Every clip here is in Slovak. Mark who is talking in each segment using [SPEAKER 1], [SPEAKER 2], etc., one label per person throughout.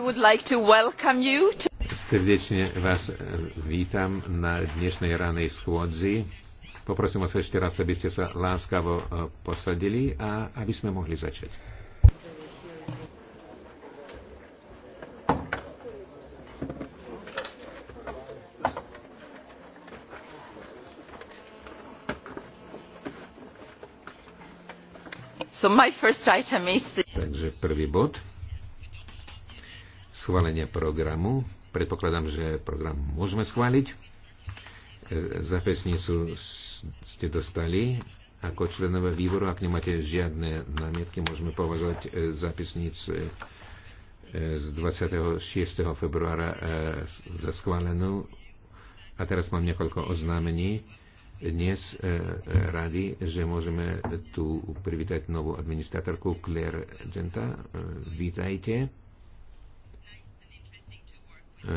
[SPEAKER 1] like to...
[SPEAKER 2] Srdečne vás eh, vítam na dnešnej ranej schôdzi. Poprosím vás ešte raz, aby ste sa láskavo eh, posadili a aby sme mohli začať.
[SPEAKER 1] So my first item is...
[SPEAKER 2] Takže prvý bod schválenie programu. Predpokladám, že program môžeme schváliť. E, zápisnicu ste dostali ako členové výboru. Ak nemáte žiadne námietky, môžeme považovať e, zápisnic e, z 26. februára za schválenú. A teraz mám niekoľko oznámení dnes rady, že môžeme tu privítať novú administratorku Claire Genta. Vítajte. E,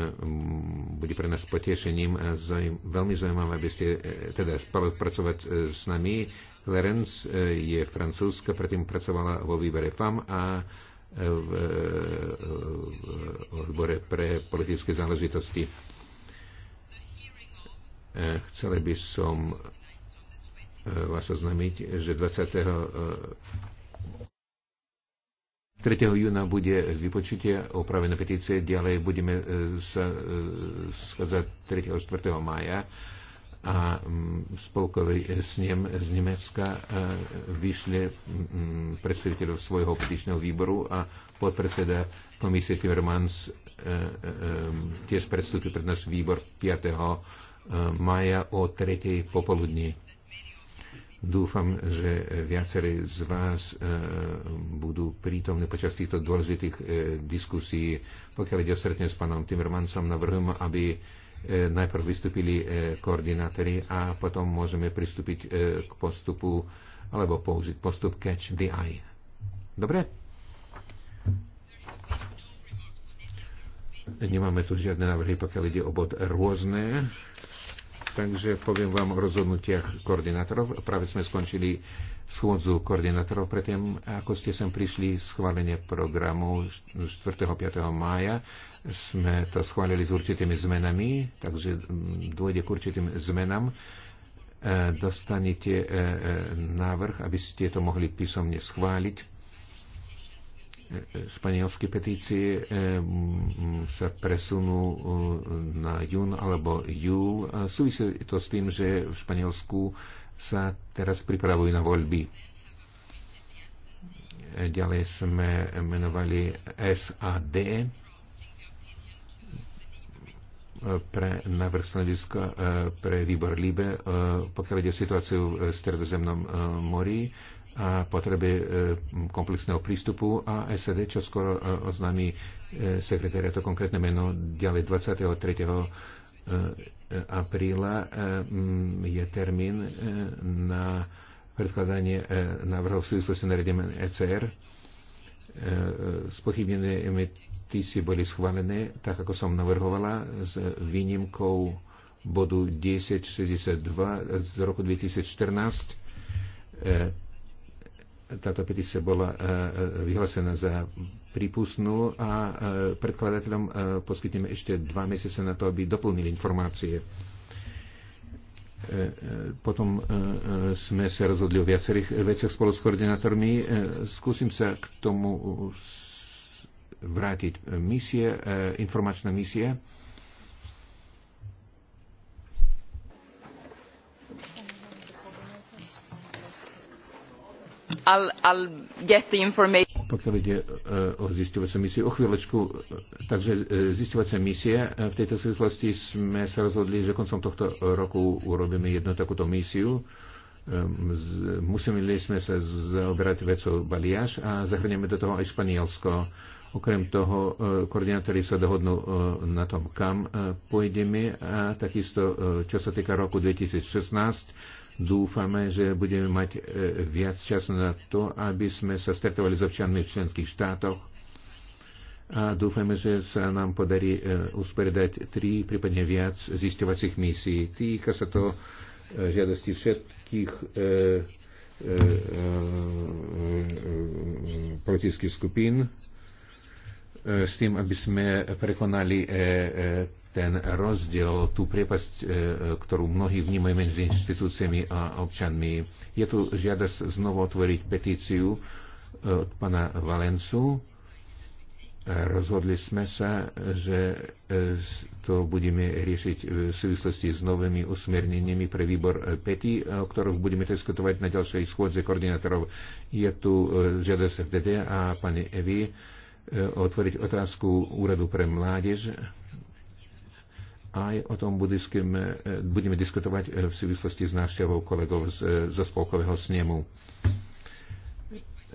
[SPEAKER 2] bude pre nás potešením a zaujím, veľmi zaujímavé, aby ste e, teda spolupracovať e, s nami. Lorenz je francúzska, predtým pracovala vo výbere FAM a v, odbore pre politické záležitosti. Chcela by som vás oznámiť, že 20. 3. júna bude vypočutie opravené petície, ďalej budeme e, sa e, schádzať 3. a 4. mája a spolkový e, snem z Nemecka vyšle predstaviteľov svojho petičného výboru a podpredseda komisie Timmermans tiež predstúpi pred náš výbor 5. maja o 3. popoludní. Dúfam, že viacerí z vás e, budú prítomní počas týchto dôležitých e, diskusí. Pokiaľ ide sretne s pánom Timmermansom, navrhujem, aby e, najprv vystúpili koordinátori a potom môžeme pristúpiť k postupu alebo použiť postup Catch the Eye. Dobre? Nemáme tu žiadne návrhy, pokiaľ ide o bod rôzne takže poviem vám o rozhodnutiach koordinátorov. Práve sme skončili schôdzu koordinátorov predtým, ako ste sem prišli schválenie programu 4. 5. mája. Sme to schválili s určitými zmenami, takže mm, dôjde k určitým zmenám. E, dostanete e, e, návrh, aby ste to mohli písomne schváliť španielské petície eh, mm, sa presunú eh, na jún alebo júl. Súvisí to s tým, že v Španielsku sa teraz pripravujú na voľby. Ďalej sme menovali SAD eh, pre návrh stanoviska pre výbor Líbe, pokiaľ ide o situáciu v Stredozemnom mori a potrebe komplexného prístupu a SED, čo skoro e, oznámi e, to konkrétne meno ďalej 23. E, apríla je termín na predkladanie návrhov v súvislosti na nariadením ECR. Spochybnené si boli schválené, tak ako som navrhovala, s výnimkou bodu 1062 z roku 2014 táto petícia bola e, e, vyhlásená za prípustnú a e, predkladateľom poskytneme ešte dva mesiace na to, aby doplnili informácie. Potom sme sa rozhodli o viacerých veciach spolu s koordinátormi. Skúsim sa k tomu vrátiť. Misie, informačná misia
[SPEAKER 1] I'll, get the information.
[SPEAKER 2] Pokiaľ ide e, o zisťovaciu misie, o chvíľočku, takže e, zisťovacia misie e, v tejto súvislosti sme sa rozhodli, že koncom tohto roku urobíme jednu takúto misiu. Museli sme sa zaoberať vecou Baliaš a zahrnieme do toho aj Španielsko. Okrem toho, koordinátori sa dohodnú na tom, kam pôjdeme a takisto, čo sa týka roku 2016, Dúfame, že budeme mať viac času na to, aby sme sa stretovali s občanmi v členských štátoch a dúfame, že sa nám podarí usporiadať tri, prípadne viac zisťovacích misií. Týka sa to žiadosti všetkých e, e, e, politických skupín E, s tým, aby sme prekonali e, e, ten rozdiel, tú priepasť, ktorú mnohí vnímajú medzi inštitúciami a občanmi. Je tu žiadosť znovu otvoriť petíciu od pana Valencu. Rozhodli sme sa, že to budeme riešiť v súvislosti s novými usmerneniami pre výbor PETI, o ktorých budeme diskutovať na ďalšej schôdze koordinátorov. Je tu žiadosť FDD a pani Evi E, otvoriť otázku Úradu pre mládež. Aj o tom budeme, e, budeme diskutovať e, v súvislosti s návštevou kolegov z, zo spolkového snemu.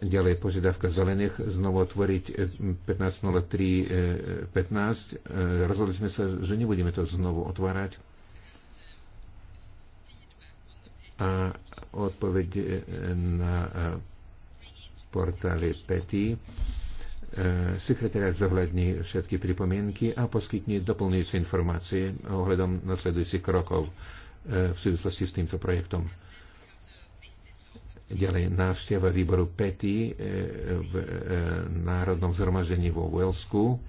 [SPEAKER 2] Ďalej požiadavka zelených znovu otvoriť 15.03.15. Rozhodli sme sa, že nebudeme to znovu otvárať. A odpoveď na portále PETI E, sekretariat zohľadní všetky pripomienky a poskytne doplňujúce informácie ohľadom nasledujúcich krokov e, v súvislosti s týmto projektom. Ďalej návšteva výboru PETI e, v Národnom zhromaždení vo Welsku.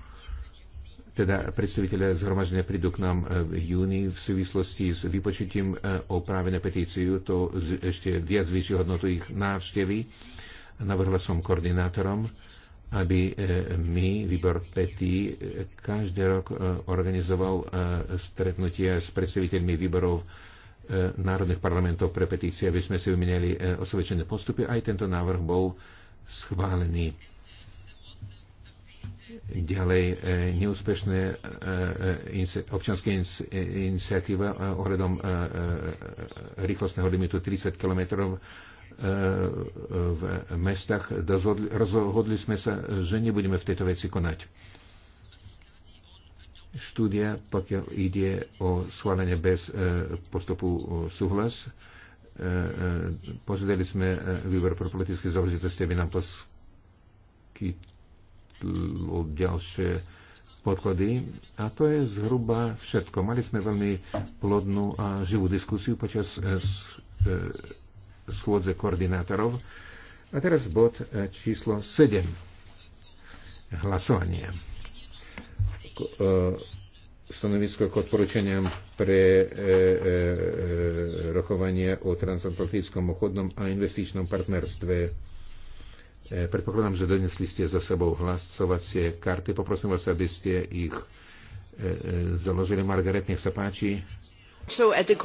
[SPEAKER 2] Teda predstaviteľe zhromaždenia prídu k nám v júni v súvislosti s vypočutím o práve na petíciu. To ešte viac vyšší hodnotu ich návštevy. Navrhla som koordinátorom aby e, my, výbor PETI, e, každý rok e, organizoval stretnutia s predstaviteľmi výborov národných parlamentov pre petície, aby sme si vymenili osvedčené postupy. Aj tento návrh bol schválený. Ďalej, neúspešné občanské iniciatíva ohľadom rýchlostného limitu 30 kilometrov v mestách, rozhodli sme sa, že nebudeme v tejto veci konať. Štúdia, pokiaľ ide o schválenie bez e, postupu e, súhlas, e, požiadali sme výbor pro politické záležitosti, aby nám poskytlo ďalšie podklady a to je zhruba všetko. Mali sme veľmi plodnú a živú diskusiu počas schôdze koordinátorov. A teraz bod e, číslo 7. Hlasovanie. E, stanovisko k odporúčaniam pre e, e, e, rokovanie o transatlantickom obchodnom a investičnom partnerstve. E, predpokladám, že donesli ste za sebou hlasovacie karty. Poprosím vás, aby ste ich e, e, založili. Margaret, nech sa páči.
[SPEAKER 3] So at the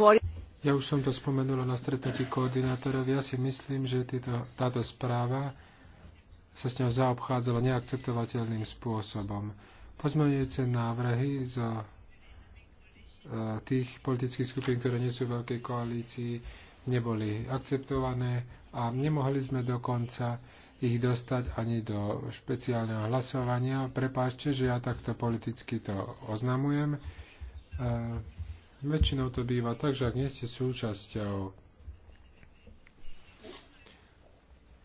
[SPEAKER 3] ja už som to spomenula na stretnutí koordinátorov. Ja si myslím, že týto, táto správa sa s ňou zaobchádzala neakceptovateľným spôsobom. Pozmeňujúce návrhy zo e, tých politických skupín, ktoré nie sú v veľkej koalícii, neboli akceptované a nemohli sme dokonca ich dostať ani do špeciálneho hlasovania. Prepáčte, že ja takto politicky to oznamujem. E, Väčšinou to býva tak, že ak nie ste súčasťou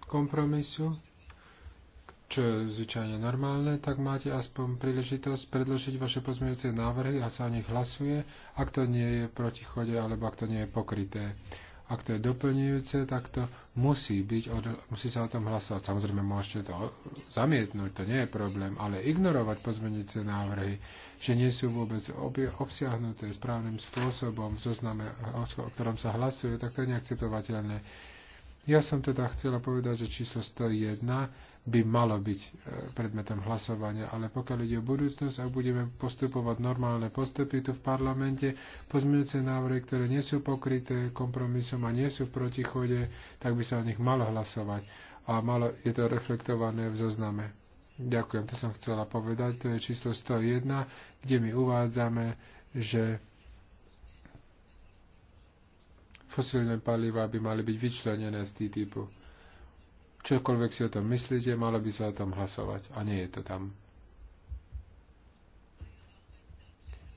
[SPEAKER 3] kompromisu, čo je zvyčajne normálne, tak máte aspoň príležitosť predložiť vaše pozmeňujúce návrhy a sa o nich hlasuje, ak to nie je protichode alebo ak to nie je pokryté. Ak to je doplňujúce, tak to musí, byť, musí sa o tom hlasovať. Samozrejme, môžete to zamietnúť, to nie je problém, ale ignorovať pozmenice návrhy, že nie sú vôbec obsiahnuté správnym spôsobom v zozname, o ktorom sa hlasuje, tak to je neakceptovateľné ja som teda chcela povedať, že číslo 101 by malo byť e, predmetom hlasovania, ale pokiaľ ide o budúcnosť, a budeme postupovať normálne postupy tu v parlamente, pozmeňujúce návrhy, ktoré nie sú pokryté kompromisom a nie sú v protichode, tak by sa o nich malo hlasovať a malo, je to reflektované v zozname. Ďakujem, to som chcela povedať, to je číslo 101, kde my uvádzame, že fosílne paliva by mali byť vyčlenené z TTIPu. Čokoľvek si o tom myslíte, malo by sa o tom hlasovať. A nie je to tam.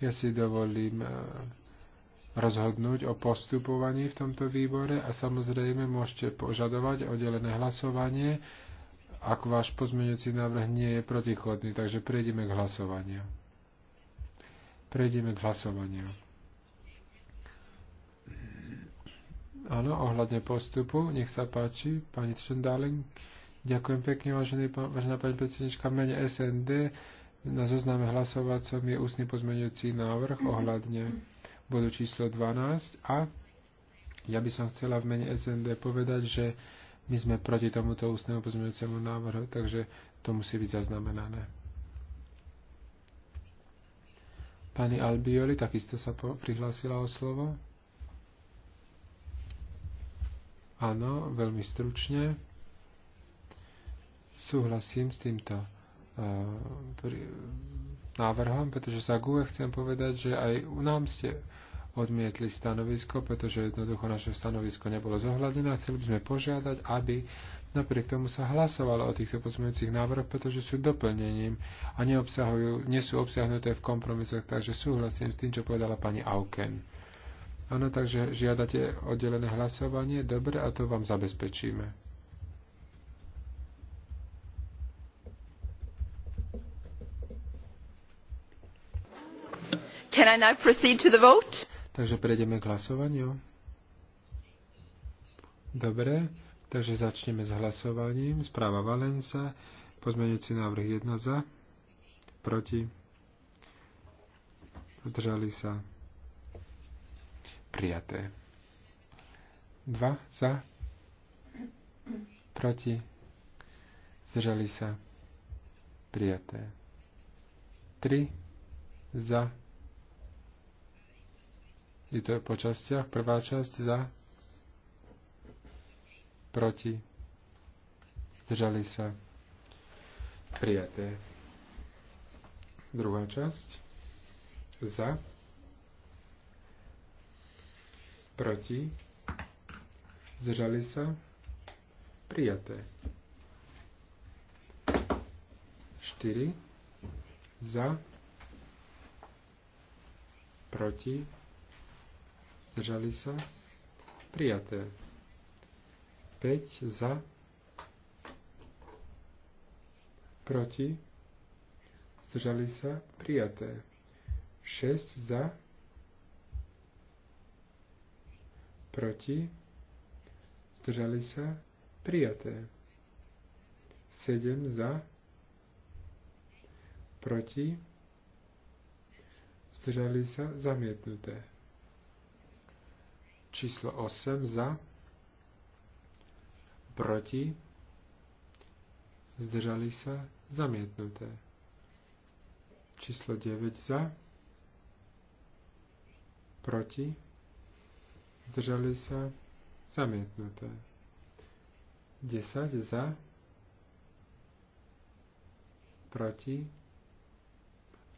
[SPEAKER 3] Ja si dovolím e, rozhodnúť o postupovaní v tomto výbore a samozrejme môžete požadovať oddelené hlasovanie, ak váš pozmeňujúci návrh nie je protichodný. Takže prejdeme k hlasovaniu. Prejdeme k hlasovaniu. Áno, ohľadne postupu, nech sa páči, pani Trendaling. Ďakujem pekne, vážený, vážená pani predsednička, mene SND. Na zozname hlasovacom je ústny pozmeňujúci návrh ohľadne bodu číslo 12 a ja by som chcela v mene SND povedať, že my sme proti tomuto ústnemu pozmeňujúcemu návrhu, takže to musí byť zaznamenané. Pani Albioli takisto sa prihlásila o slovo. Áno, veľmi stručne. Súhlasím s týmto eh, návrhom, pretože za GUE chcem povedať, že aj u nám ste odmietli stanovisko, pretože jednoducho naše stanovisko nebolo zohľadené a chceli by sme požiadať, aby napriek tomu sa hlasovalo o týchto pozmeňujúcich návrhoch, pretože sú doplnením a nie sú obsiahnuté v kompromisoch, takže súhlasím s tým, čo povedala pani Auken. Áno, takže žiadate oddelené hlasovanie. Dobre, a to vám zabezpečíme.
[SPEAKER 1] Can I now proceed to the vote?
[SPEAKER 3] Takže prejdeme k hlasovaniu. Dobre, takže začneme s hlasovaním. Správa Valenca, pozmeňujúci návrh 1 za, proti, zdržali sa prijaté. Dva. za, proti, zdržali sa, prijaté. Tri. za, je to po častiach, prvá časť za, proti, zdržali sa, prijaté. Druhá časť za, proti, zdržali sa, prijaté. 4 za, proti, zdržali sa, prijaté. 5 za, proti, zdržali sa, prijaté. 6 za, proti, proti, zdržali sa, prijaté. 7 za, proti, zdržali sa, zamietnuté. Číslo 8 za, proti, zdržali sa, zamietnuté. Číslo 9 za, proti, zdržali sa, zamietnuté. 10 za, proti,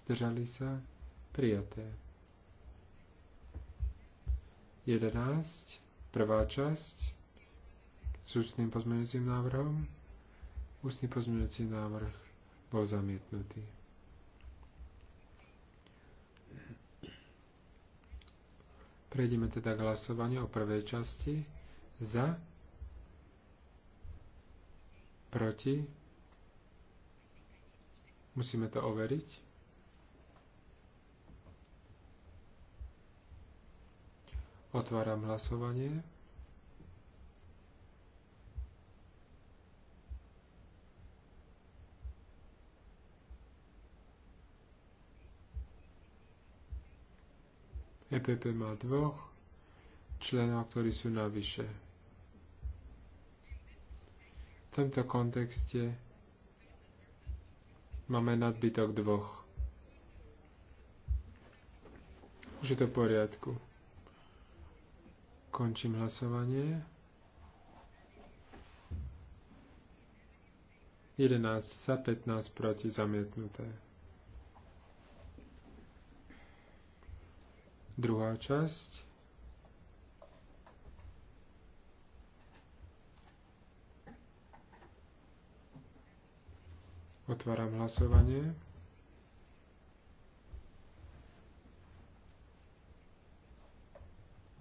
[SPEAKER 3] zdržali sa, prijaté. 11, prvá časť, s ústnym pozmeňujúcim návrhom. Ústny pozmeňujúci návrh bol zamietnutý. Prejdeme teda k hlasovaniu o prvej časti. Za, proti, musíme to overiť. Otváram hlasovanie. EPP má dvoch členov, ktorí sú navyše. V tomto kontexte máme nadbytok dvoch. Už je to v poriadku. Končím hlasovanie. 11 za 15 proti zamietnuté. Druhá časť. Otváram hlasovanie.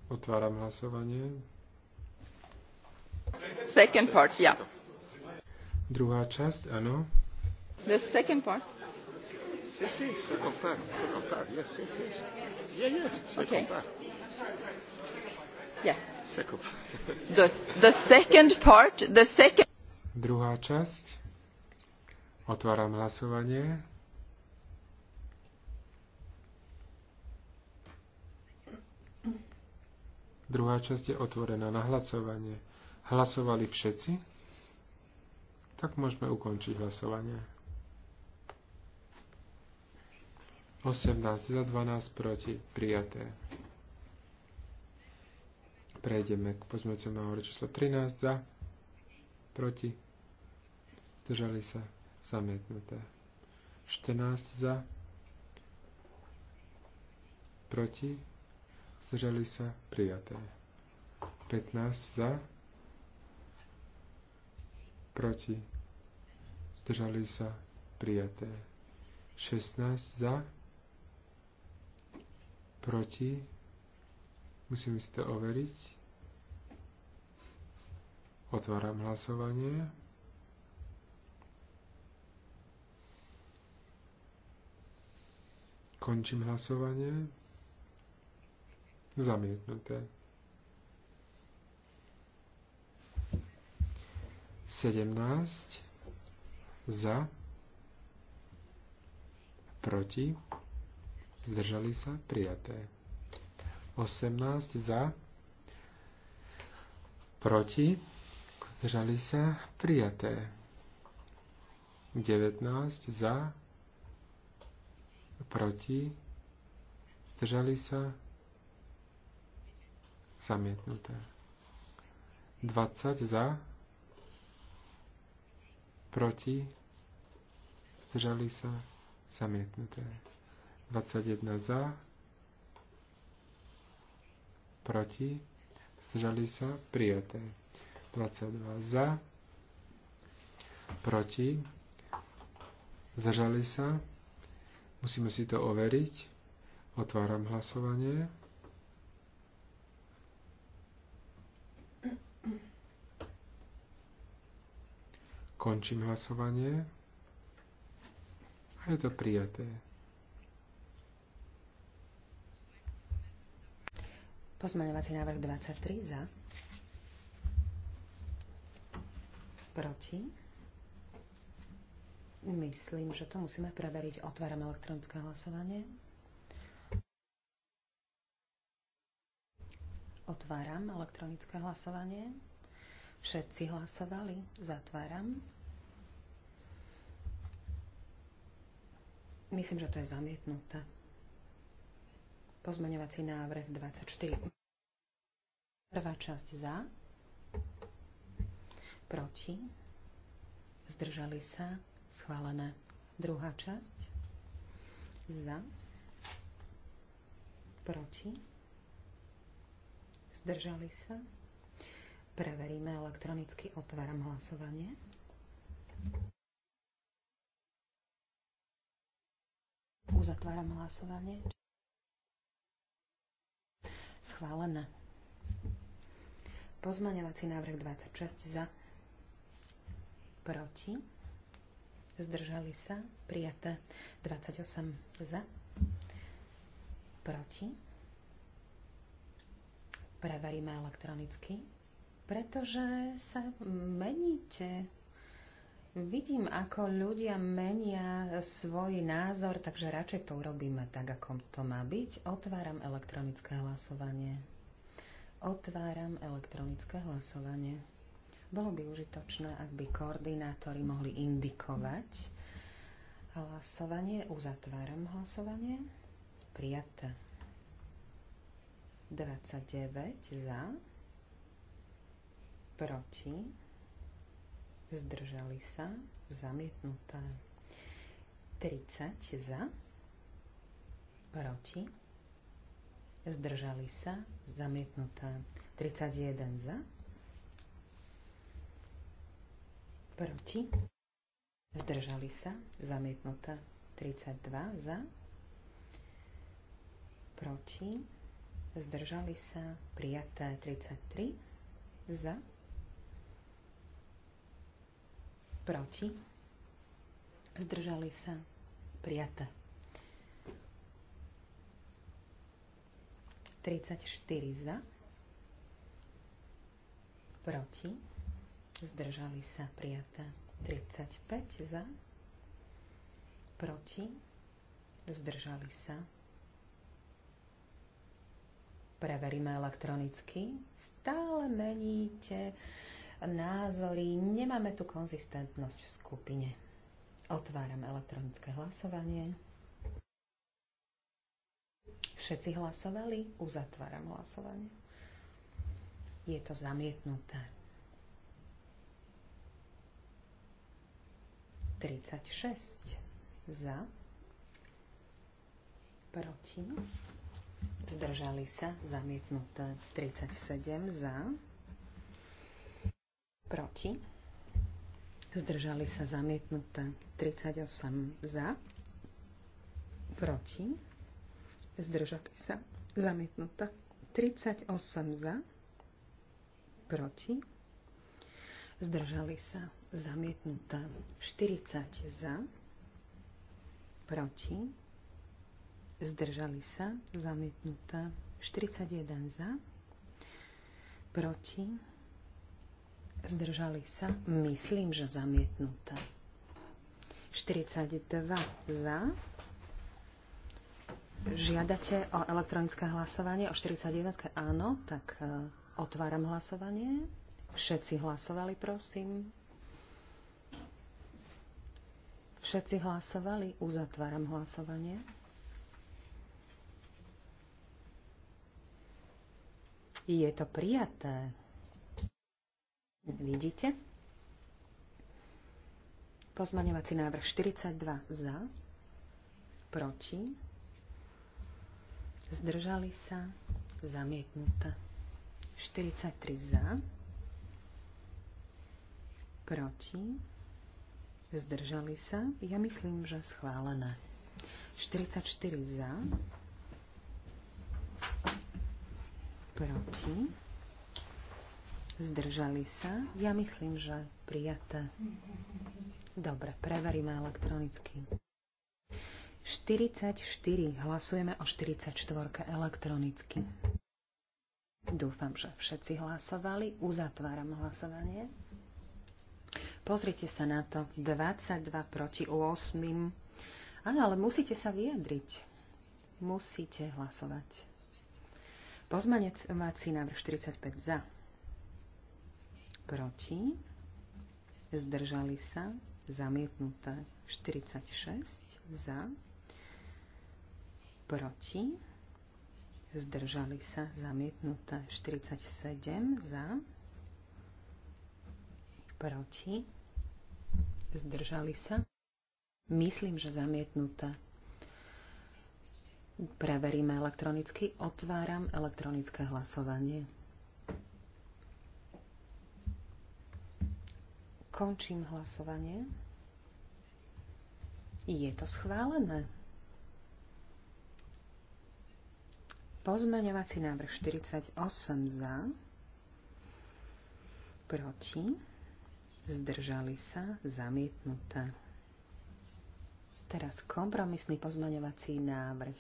[SPEAKER 3] Otváram hlasovanie.
[SPEAKER 1] Second part, yeah.
[SPEAKER 3] Druhá časť, áno.
[SPEAKER 1] The second part
[SPEAKER 2] se compare, se compare, yes, yes, yes. Yeah, yes, se okay. compare.
[SPEAKER 1] Yeah. Se compare. The, the second part, the second...
[SPEAKER 3] Druhá časť. Otváram hlasovanie. Druhá časť je otvorená na hlasovanie. Hlasovali všetci? Tak môžeme ukončiť hlasovanie. 18 za 12 proti prijaté. Prejdeme k pozmeňujúcom návrhu číslo 13 za proti zdržali sa zamietnuté. 14 za proti zdržali sa prijaté. 15 za proti zdržali sa prijaté. 16 za proti, musím si to overiť. Otváram hlasovanie. Končím hlasovanie. Zamietnuté. 17 za proti zdržali sa, prijaté. 18 za, proti, zdržali sa, prijaté. 19 za, proti, zdržali sa, zamietnuté. 20 za, proti, zdržali sa, zamietnuté. 21 za, proti, zdržali sa, prijaté. 22 za, proti, zdržali sa, musíme si to overiť, otváram hlasovanie. Končím hlasovanie. A je to prijaté.
[SPEAKER 1] Pozmeňovací návrh 23 za. Proti. Myslím, že to musíme preveriť. Otváram elektronické hlasovanie. Otváram elektronické hlasovanie. Všetci hlasovali. Zatváram. Myslím, že to je zamietnuté. Pozmeňovací návrh 24. Prvá časť za, proti, zdržali sa, schválené. Druhá časť za, proti, zdržali sa. Preveríme elektronicky, otváram hlasovanie. Uzatváram hlasovanie. Schválené. Pozmaňovací návrh 26 za, proti, zdržali sa, prijaté 28 za, proti. Preveríme elektronicky, pretože sa meníte. Vidím, ako ľudia menia svoj názor, takže radšej to urobíme tak, ako to má byť. Otváram elektronické hlasovanie. Otváram elektronické hlasovanie. Bolo by užitočné, ak by koordinátori mohli indikovať. Hlasovanie, uzatváram hlasovanie. Prijaté. 29 za, proti, zdržali sa, zamietnuté. 30 za, proti, zdržali sa, zamietnutá. 31 za, proti, zdržali sa, zamietnutá, 32 za, proti, zdržali sa, prijaté 33 za, proti, zdržali sa, prijaté 34 za, proti, zdržali sa prijaté 35 za, proti, zdržali sa. Preveríme elektronicky. Stále meníte názory, nemáme tu konzistentnosť v skupine. Otváram elektronické hlasovanie. Všetci hlasovali? Uzatváram hlasovanie. Je to zamietnuté. 36 za, proti, zdržali sa, zamietnuté 37 za, proti, zdržali sa, zamietnuté 38 za, proti, zdržali sa, zamietnutá. 38 za, proti, zdržali sa, zamietnutá. 40 za, proti, zdržali sa, zamietnutá. 41 za, proti, zdržali sa, myslím, že zamietnutá. 42 za, Žiadate o elektronické hlasovanie? O 41. Áno, tak e, otváram hlasovanie. Všetci hlasovali, prosím. Všetci hlasovali. Uzatváram hlasovanie. Je to prijaté. Vidíte? Pozmaňovací návrh 42 za, proti Zdržali sa. Zamietnuté. 43 za. Proti. Zdržali sa. Ja myslím, že schválené. 44 za. Proti. Zdržali sa. Ja myslím, že prijaté. Dobre, preveríme elektronicky. 44. Hlasujeme o 44. elektronicky. Dúfam, že všetci hlasovali. Uzatváram hlasovanie. Pozrite sa na to. 22 proti 8. Áno, ale musíte sa vyjadriť. Musíte hlasovať. Pozmanecovací návrh 45 za. Proti. Zdržali sa. Zamietnuté. 46 za proti, zdržali sa, zamietnuté 47 za, proti, zdržali sa, myslím, že zamietnuté. Preveríme elektronicky, otváram elektronické hlasovanie. Končím hlasovanie. Je to schválené. Pozmeňovací návrh 48 za, proti, zdržali sa, zamietnuté. Teraz kompromisný pozmaňovací návrh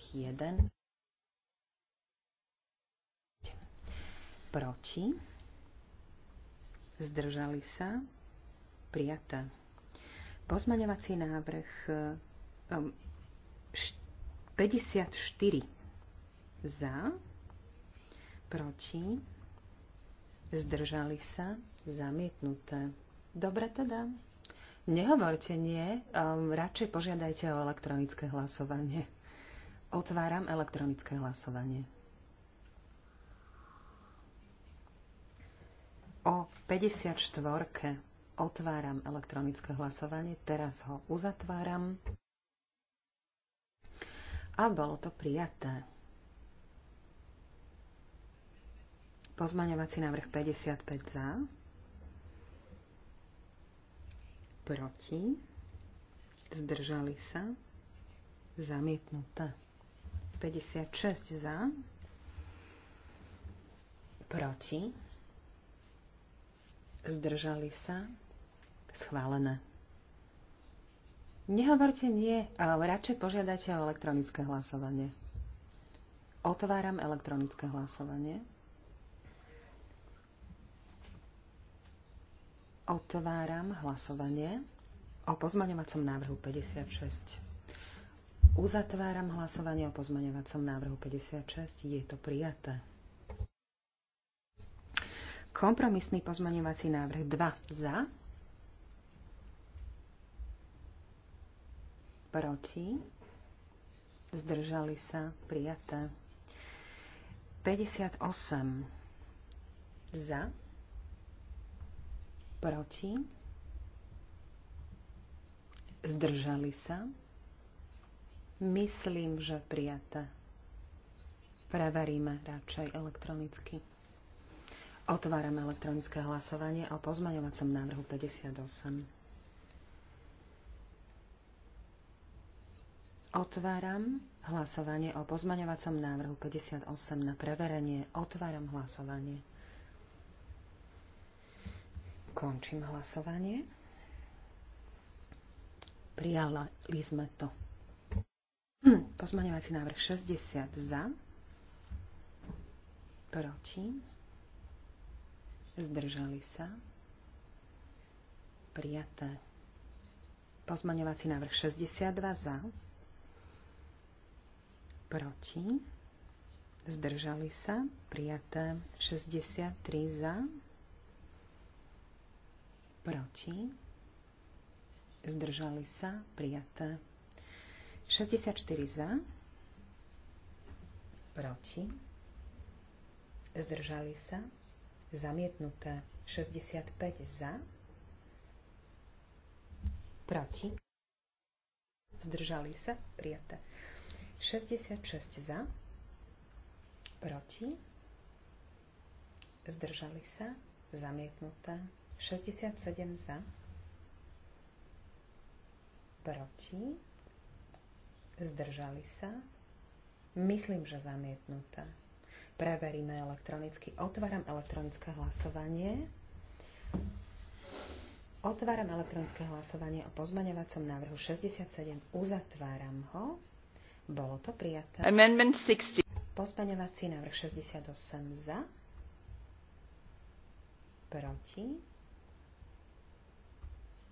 [SPEAKER 1] 1. Proti. Zdržali sa. Prijaté. Pozmaňovací návrh 54 eh, za, proti, zdržali sa, zamietnuté. Dobre teda. Nehovorte nie, um, radšej požiadajte o elektronické hlasovanie. Otváram elektronické hlasovanie. O 54. otváram elektronické hlasovanie, teraz ho uzatváram. A bolo to prijaté. Pozmaňovací návrh 55 za. Proti. Zdržali sa. Zamietnuté. 56 za. Proti. Zdržali sa. Schválené. Nehovorte nie, ale radšej požiadajte o elektronické hlasovanie. Otváram elektronické hlasovanie. Otváram hlasovanie o pozmaňovacom návrhu 56. Uzatváram hlasovanie o pozmaňovacom návrhu 56. Je to prijaté. Kompromisný pozmaňovací návrh 2 za. Proti. Zdržali sa. Prijaté. 58 za Proti? Zdržali sa? Myslím, že prijaté. Preveríme radšej elektronicky. Otvárame elektronické hlasovanie o pozmaňovacom návrhu 58. Otváram hlasovanie o pozmaňovacom návrhu 58 na preverenie. Otváram hlasovanie. Končím hlasovanie. Prijali sme to. Pozmaňovací návrh 60 za. Proti. Zdržali sa. Prijaté. Pozmaňovací návrh 62 za. Proti. Zdržali sa. Prijaté. 63 za proti, zdržali sa, prijaté. 64 za, proti, zdržali sa, zamietnuté. 65 za, proti, zdržali sa, prijaté. 66 za, proti, zdržali sa, zamietnuté. 67 za, proti, zdržali sa, myslím, že zamietnutá. Preveríme elektronicky. Otváram elektronické hlasovanie. Otváram elektronické hlasovanie o pozmaňovacom návrhu 67. Uzatváram ho. Bolo to prijaté. Amendment 60. Pozmaňovací návrh 68 za. Proti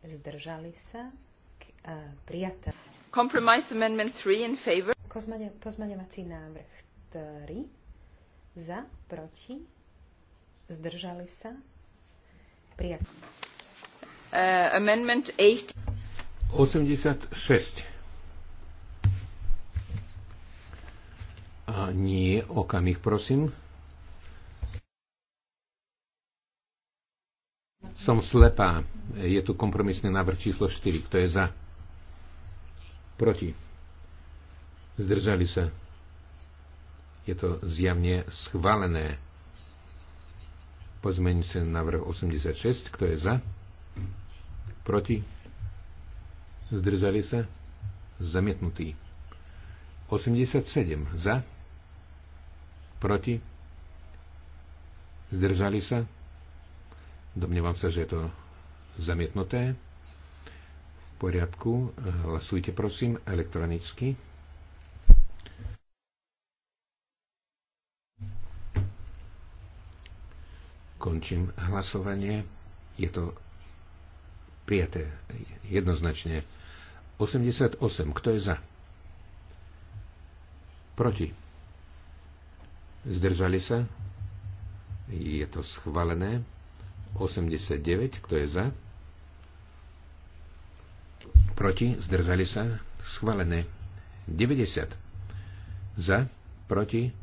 [SPEAKER 1] zdržali sa, prijaté. Compromise Amendment 3 in favor. Pozmaňovací návrh 3 za, proti, zdržali sa, prijaté. Uh, amendment 8.
[SPEAKER 2] 86. A nie okamih, prosím. Som slepá. Je tu kompromisný návrh číslo 4. Kto je za? Proti. Zdržali sa. Je to zjavne schválené. sa návrh 86. Kto je za? Proti. Zdržali sa. Zamietnutý. 87. Za. Proti. Zdržali sa. Domnievam sa, že je to zamietnuté. V poriadku. Hlasujte prosím elektronicky. Končím hlasovanie. Je to prijaté jednoznačne. 88. Kto je za? Proti. Zdržali sa? Je to schválené. 89, kto je za? Proti, zdržali sa, schválené. 90. Za, proti,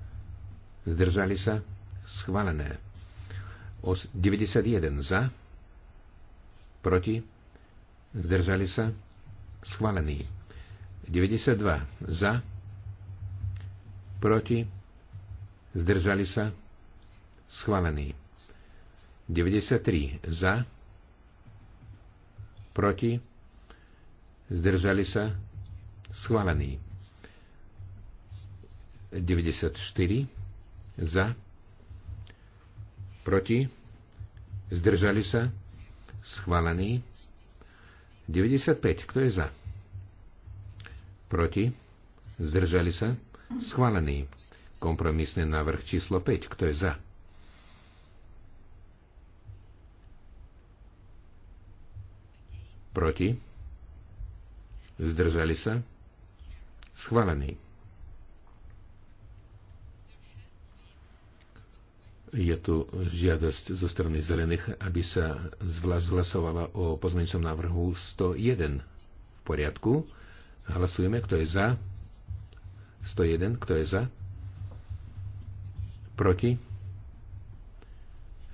[SPEAKER 2] zdržali sa, schválené. 91 za, proti, zdržali sa, schválený. 92 za, proti, zdržali sa, schválený. 93 za, proti, zdržali sa, schválený. 94 za, proti, zdržali sa, schválený. 95, kto je za? Proti, zdržali sa, schválený. Kompromisný návrh číslo 5, kto je za? Proti? Zdržali sa? Schválený. Je tu žiadosť zo strany zelených, aby sa zvlášť hlasovala o pozmeňcom návrhu 101. V poriadku. Hlasujeme, kto je za. 101, kto je za. Proti.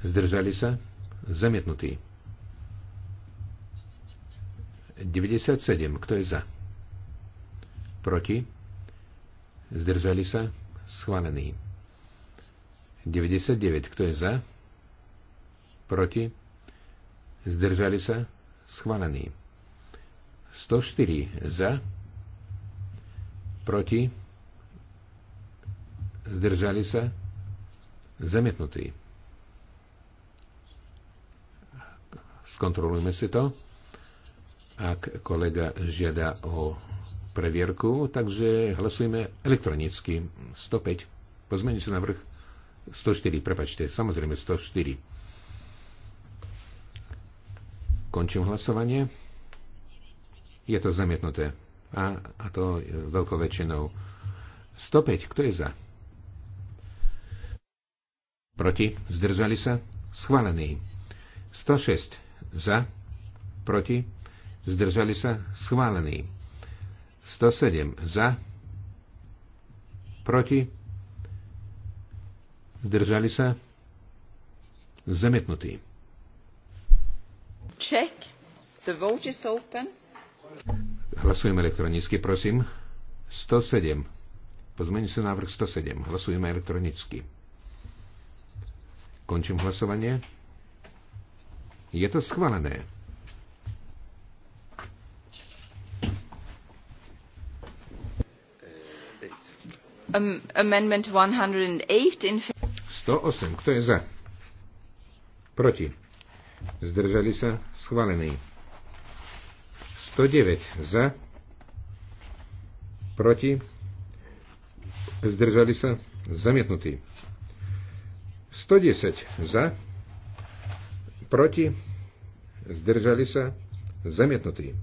[SPEAKER 2] Zdržali sa. Zamietnutý. 97. Kto je za? Proti? Zdržali sa? Schválený. 99. Kto je za? Proti? Zdržali sa? Schválený. 104. Za? Proti? Zdržali sa? Zamietnutý. Skontrolujme si to ak kolega žiada o previerku, takže hlasujeme elektronicky. 105. Pozmeňte sa na vrch 104, prepačte, samozrejme 104. Končím hlasovanie. Je to zamietnuté. A, a to veľkou väčšinou. 105. Kto je za? Proti? Zdržali sa? Schválený. 106. Za? Proti? zdržali sa, schválený. 107 za, proti, zdržali sa, zamietnutý.
[SPEAKER 1] Check. The vote is open.
[SPEAKER 2] Hlasujeme elektronicky, prosím. 107. Pozmeni sa návrh 107. Hlasujeme elektronicky. Končím hlasovanie. Je to schválené.
[SPEAKER 1] amendment 108 in
[SPEAKER 2] 108. Kto je za? Proti. Zdržali sa? Schválený. 109. Za? Proti. Zdržali sa? Zamietnutý. 110. Za? Proti. Zdržali sa? Zamietnutý.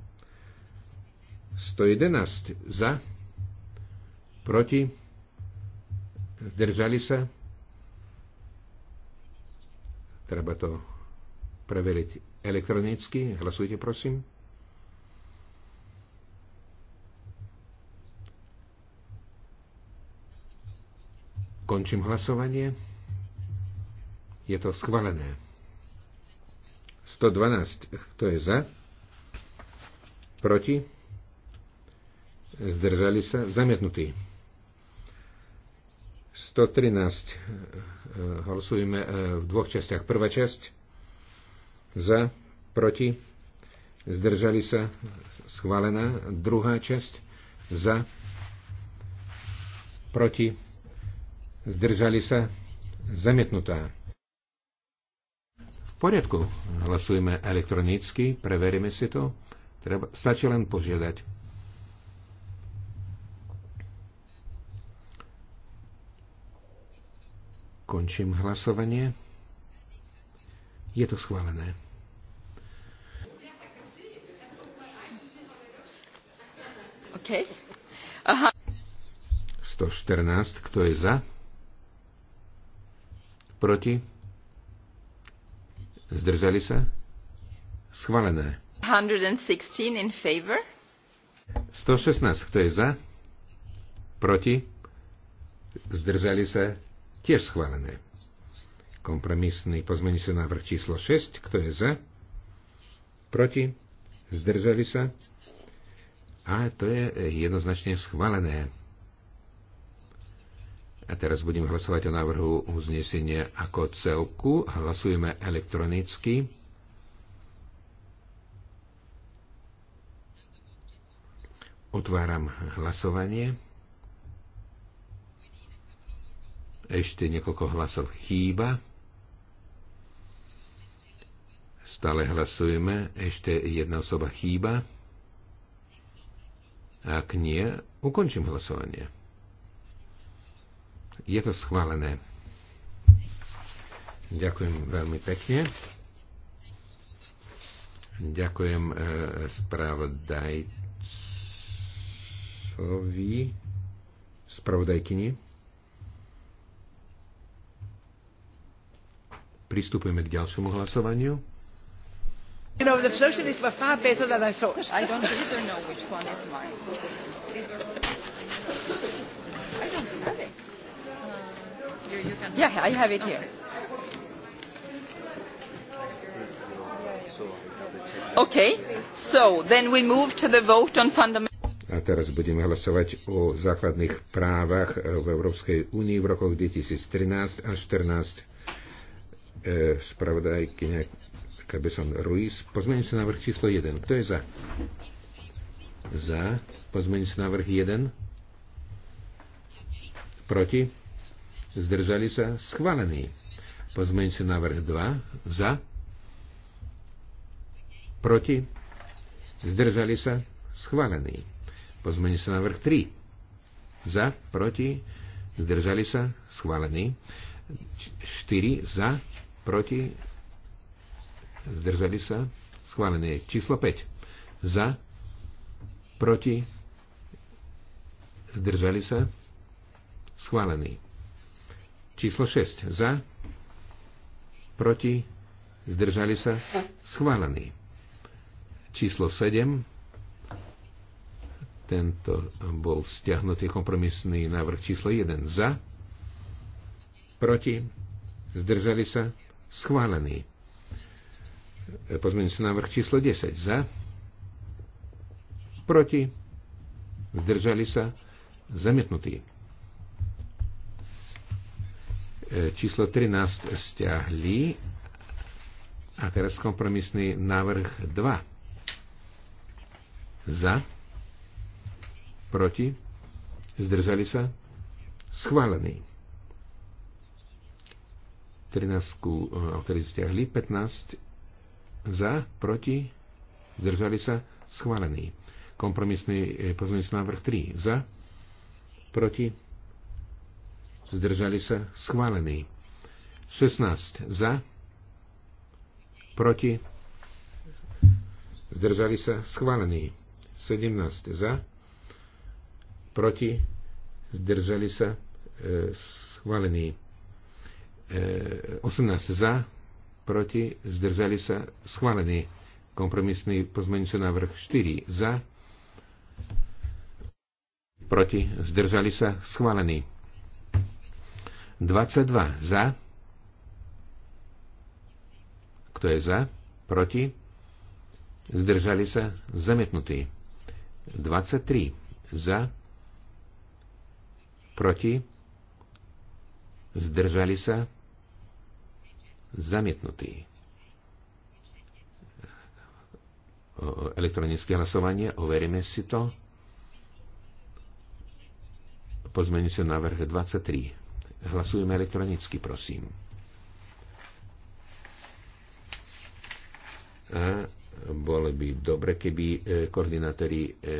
[SPEAKER 2] 111. Za? Proti Zdržali sa? Treba to preveriť elektronicky. Hlasujte, prosím. Končím hlasovanie. Je to schválené. 112. Kto je za? Proti? Zdržali sa? Zamietnutí. 113. Hlasujeme e, v dvoch častiach. Prvá časť za, proti, zdržali sa, schválená. Druhá časť za, proti, zdržali sa, zamietnutá. V poriadku, hlasujeme elektronicky, preveríme si to. Treba, stačí len požiadať. Končím hlasovanie. Je to schválené. OK. Aha. 114, kto je za? Proti? Zdržali sa? Schválené.
[SPEAKER 1] 116 in favor.
[SPEAKER 2] 116, kto je za? Proti? Zdržali sa? Tiež schválené. Kompromisný sa návrh číslo 6. Kto je za? Proti? Zdržali sa? A to je jednoznačne schválené. A teraz budem hlasovať o návrhu uznesenia ako celku. Hlasujeme elektronicky. Otváram hlasovanie. Ešte niekoľko hlasov chýba. Stále hlasujeme. Ešte jedna osoba chýba. Ak nie, ukončím hlasovanie. Je to schválené. Ďakujem veľmi pekne. Ďakujem e, spravodajcovi, spravodajkyni. Pristupujeme k ďalšiemu hlasovaniu.
[SPEAKER 1] You know, the socialists were far better than I thought. I don't either know which one is mine. I don't have it. Uh, you, you can yeah, I have it here. Okay, so then we move to the vote on fundamental...
[SPEAKER 2] A teraz budeme hlasovať o základných právach eh, v Európskej únii v rokoch 2013 až 2014. E, spravodajkyňa Kabeson Ruiz. Pozmeňujem sa návrh číslo 1. Kto je za? Za. Pozmeňujem sa návrh 1. Proti. Zdržali sa. Schválený. Pozmeňujem sa návrh 2. Za. Proti. Zdržali sa. Schválený. Pozmeňujem sa návrh 3. Za. Proti. Zdržali sa. Schválený. 4 za, proti, zdržali sa, schválené. Číslo 5, za, proti, zdržali sa, schválený. Číslo 6, za, proti, zdržali sa, schválený. Číslo 7, tento bol stiahnutý kompromisný návrh číslo 1 za, proti, zdržali sa, Schválený. Pozmeňujúci návrh číslo 10. Za. Proti. Zdržali sa. Zamietnutí? E, číslo 13 stiahli. A teraz kompromisný návrh 2. Za. Proti. Zdržali sa. Schválený. 13, ktorý eh, stiahli, 15 za, proti, zdržali sa, schválený. Kompromisný eh, pozornosť návrh 3 za, proti, zdržali sa, schválený. 16 za, proti, zdržali sa, schválený. 17 za, proti, zdržali sa, e, schválený. 18 e, za, proti, zdržali sa schválený kompromisný pozmeňujúci návrh 4 za, proti, zdržali sa schválený 22 za, kto je za, proti, zdržali sa zamietnutí 23 za, proti, zdržali sa, zamietnutí Elektronické hlasovanie, overíme si to. na návrh 23. Hlasujeme elektronicky, prosím. A bolo by dobre, keby e, koordinátori e,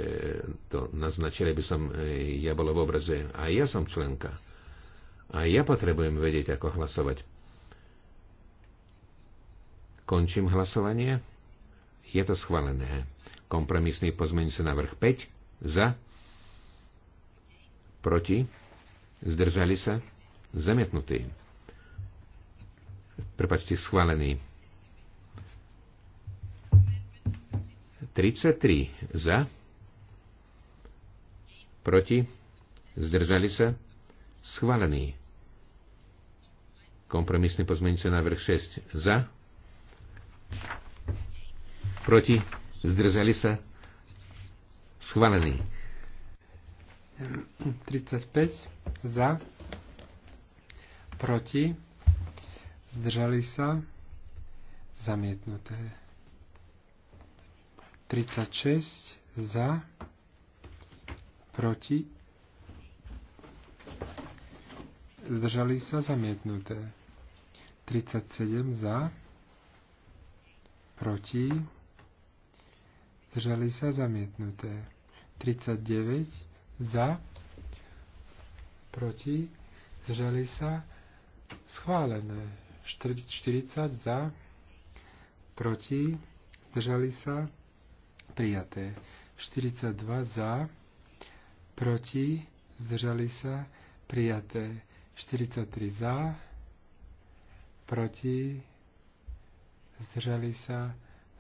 [SPEAKER 2] to naznačili, aby som e, ja bola v obraze. A ja som členka. A ja potrebujem vedieť, ako hlasovať. Končím hlasovanie. Je to schválené. Kompromisný pozmeň sa navrh 5. Za. Proti. Zdržali sa. Zamietnutý. Prepačte, schválený. 33 za, proti, zdržali sa, Schválený. Kompromisný pozmeňujúci návrh 6 za. Proti. Zdržali sa. Schválený.
[SPEAKER 3] 35 za. Proti. Zdržali sa. Zamietnuté. 36 za. Proti zdržali sa zamietnuté. 37 za, proti, zdržali sa zamietnuté. 39 za, proti, zdržali sa schválené. 40 za, proti, zdržali sa prijaté. 42 za, proti, zdržali sa prijaté. 43 za, proti, zdržali sa,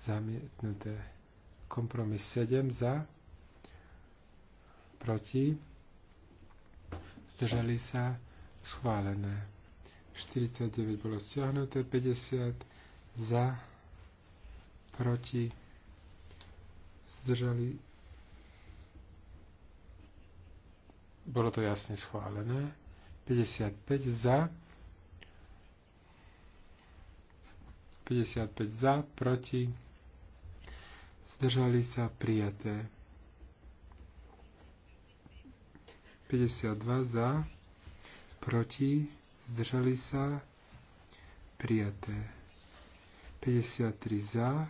[SPEAKER 3] zamietnuté. Kompromis 7 za, proti, zdržali sa, schválené. 49 bolo stiahnuté, 50 za, proti, zdržali, bolo to jasne schválené. 55 za, 55 za, proti, zdržali sa prijaté. 52 za, proti, zdržali sa prijaté. 53 za,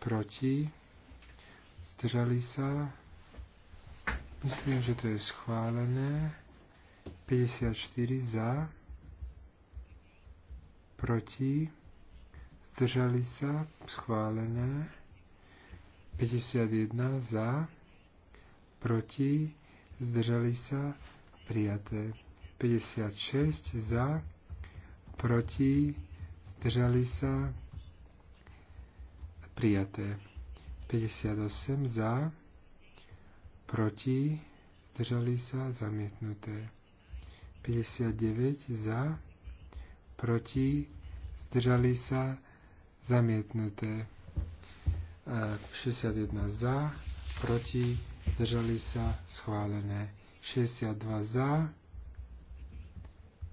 [SPEAKER 3] proti, zdržali sa. Myslím, že to je schválené. 54 za, proti, zdržali sa, schválené, 51 za, proti, zdržali sa, prijaté, 56 za, proti, zdržali sa, prijaté, 58 za, proti, zdržali sa, zamietnuté. 59 za, proti, zdržali sa, zamietnuté. 61 e, za, proti, zdržali sa, schválené. 62 za,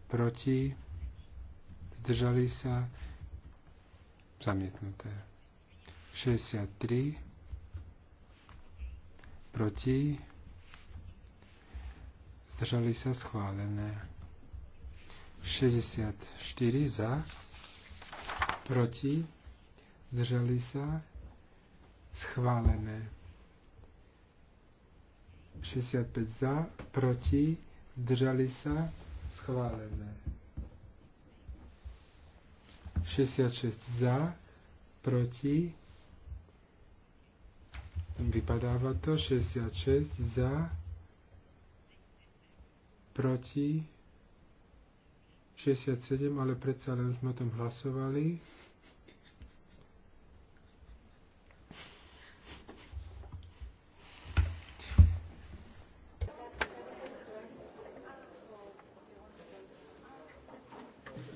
[SPEAKER 3] proti, zdržali sa, zamietnuté. 63 proti, zdržali sa schválené. 64 za, proti, zdržali sa schválené. 65 za, proti, zdržali sa schválené. 66 za, proti, vypadáva to, 66 za, proti 67, ale predsa len sme o tom hlasovali.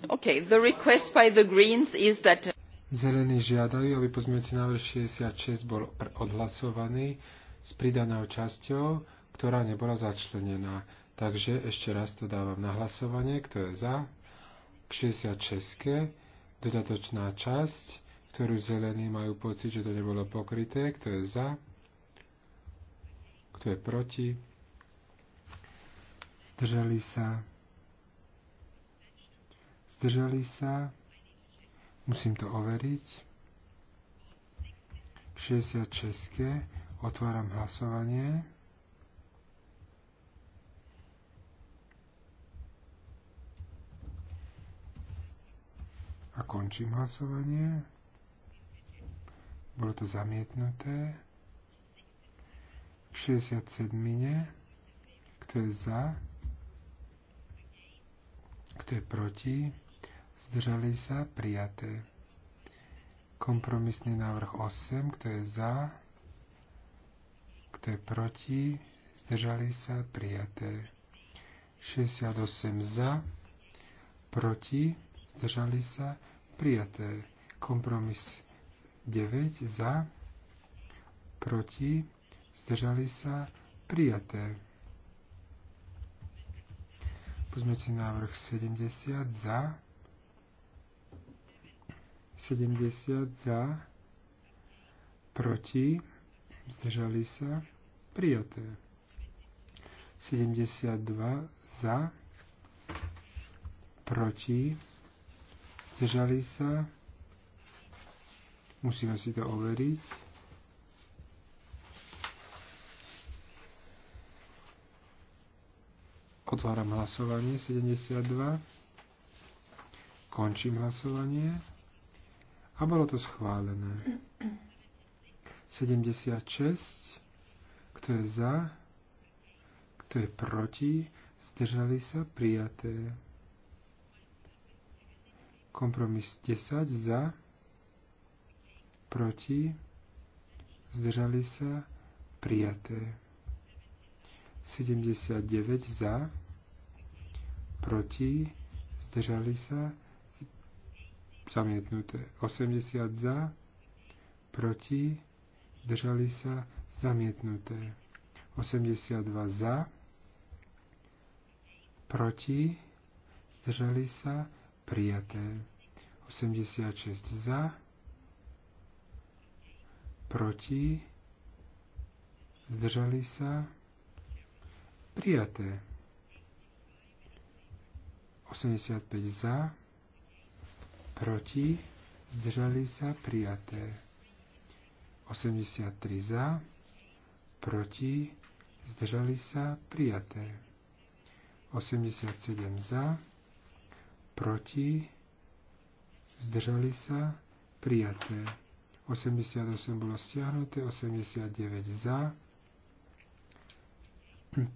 [SPEAKER 1] Okay, the request by the Greens is that... Uh,
[SPEAKER 3] Zelení žiadajú, aby pozmeňujúci návrh 66 bol odhlasovaný s pridanou časťou, ktorá nebola začlenená. Takže ešte raz to dávam na hlasovanie, kto je za. K 66. Dodatočná časť, ktorú zelení majú pocit, že to nebolo pokryté, kto je za. Kto je proti. Zdržali sa. Zdržali sa. Musím to overiť. K 66. Otváram hlasovanie. A končím hlasovanie. Bolo to zamietnuté. K 67. Kto je za? Kto je proti? Zdržali sa? Prijaté. Kompromisný návrh 8. Kto je za? Kto je proti? Zdržali sa? Prijaté. 68 za, proti, zdržali sa, prijaté. Kompromis 9 za, proti, zdržali sa, prijaté. si návrh 70 za, 70 za, proti, zdržali sa, prijaté. 72 za, proti, Zdržali sa. Musíme si to overiť. Otváram hlasovanie 72. Končím hlasovanie. A bolo to schválené. 76. Kto je za? Kto je proti? Zdržali sa prijaté. Kompromis 10 za, proti, zdržali sa, prijaté. 79 za, proti, zdržali sa, zamietnuté. 80 za, proti, zdržali sa, zamietnuté. 82 za, proti, zdržali sa, zamietnuté prijaté. 86 za, proti, zdržali sa, prijaté. 85 za, proti, zdržali sa, prijaté. 83 za, proti, zdržali sa, prijaté. 87 za, prijaté proti, zdržali sa, prijaté. 88 bolo stiahnuté, 89 za,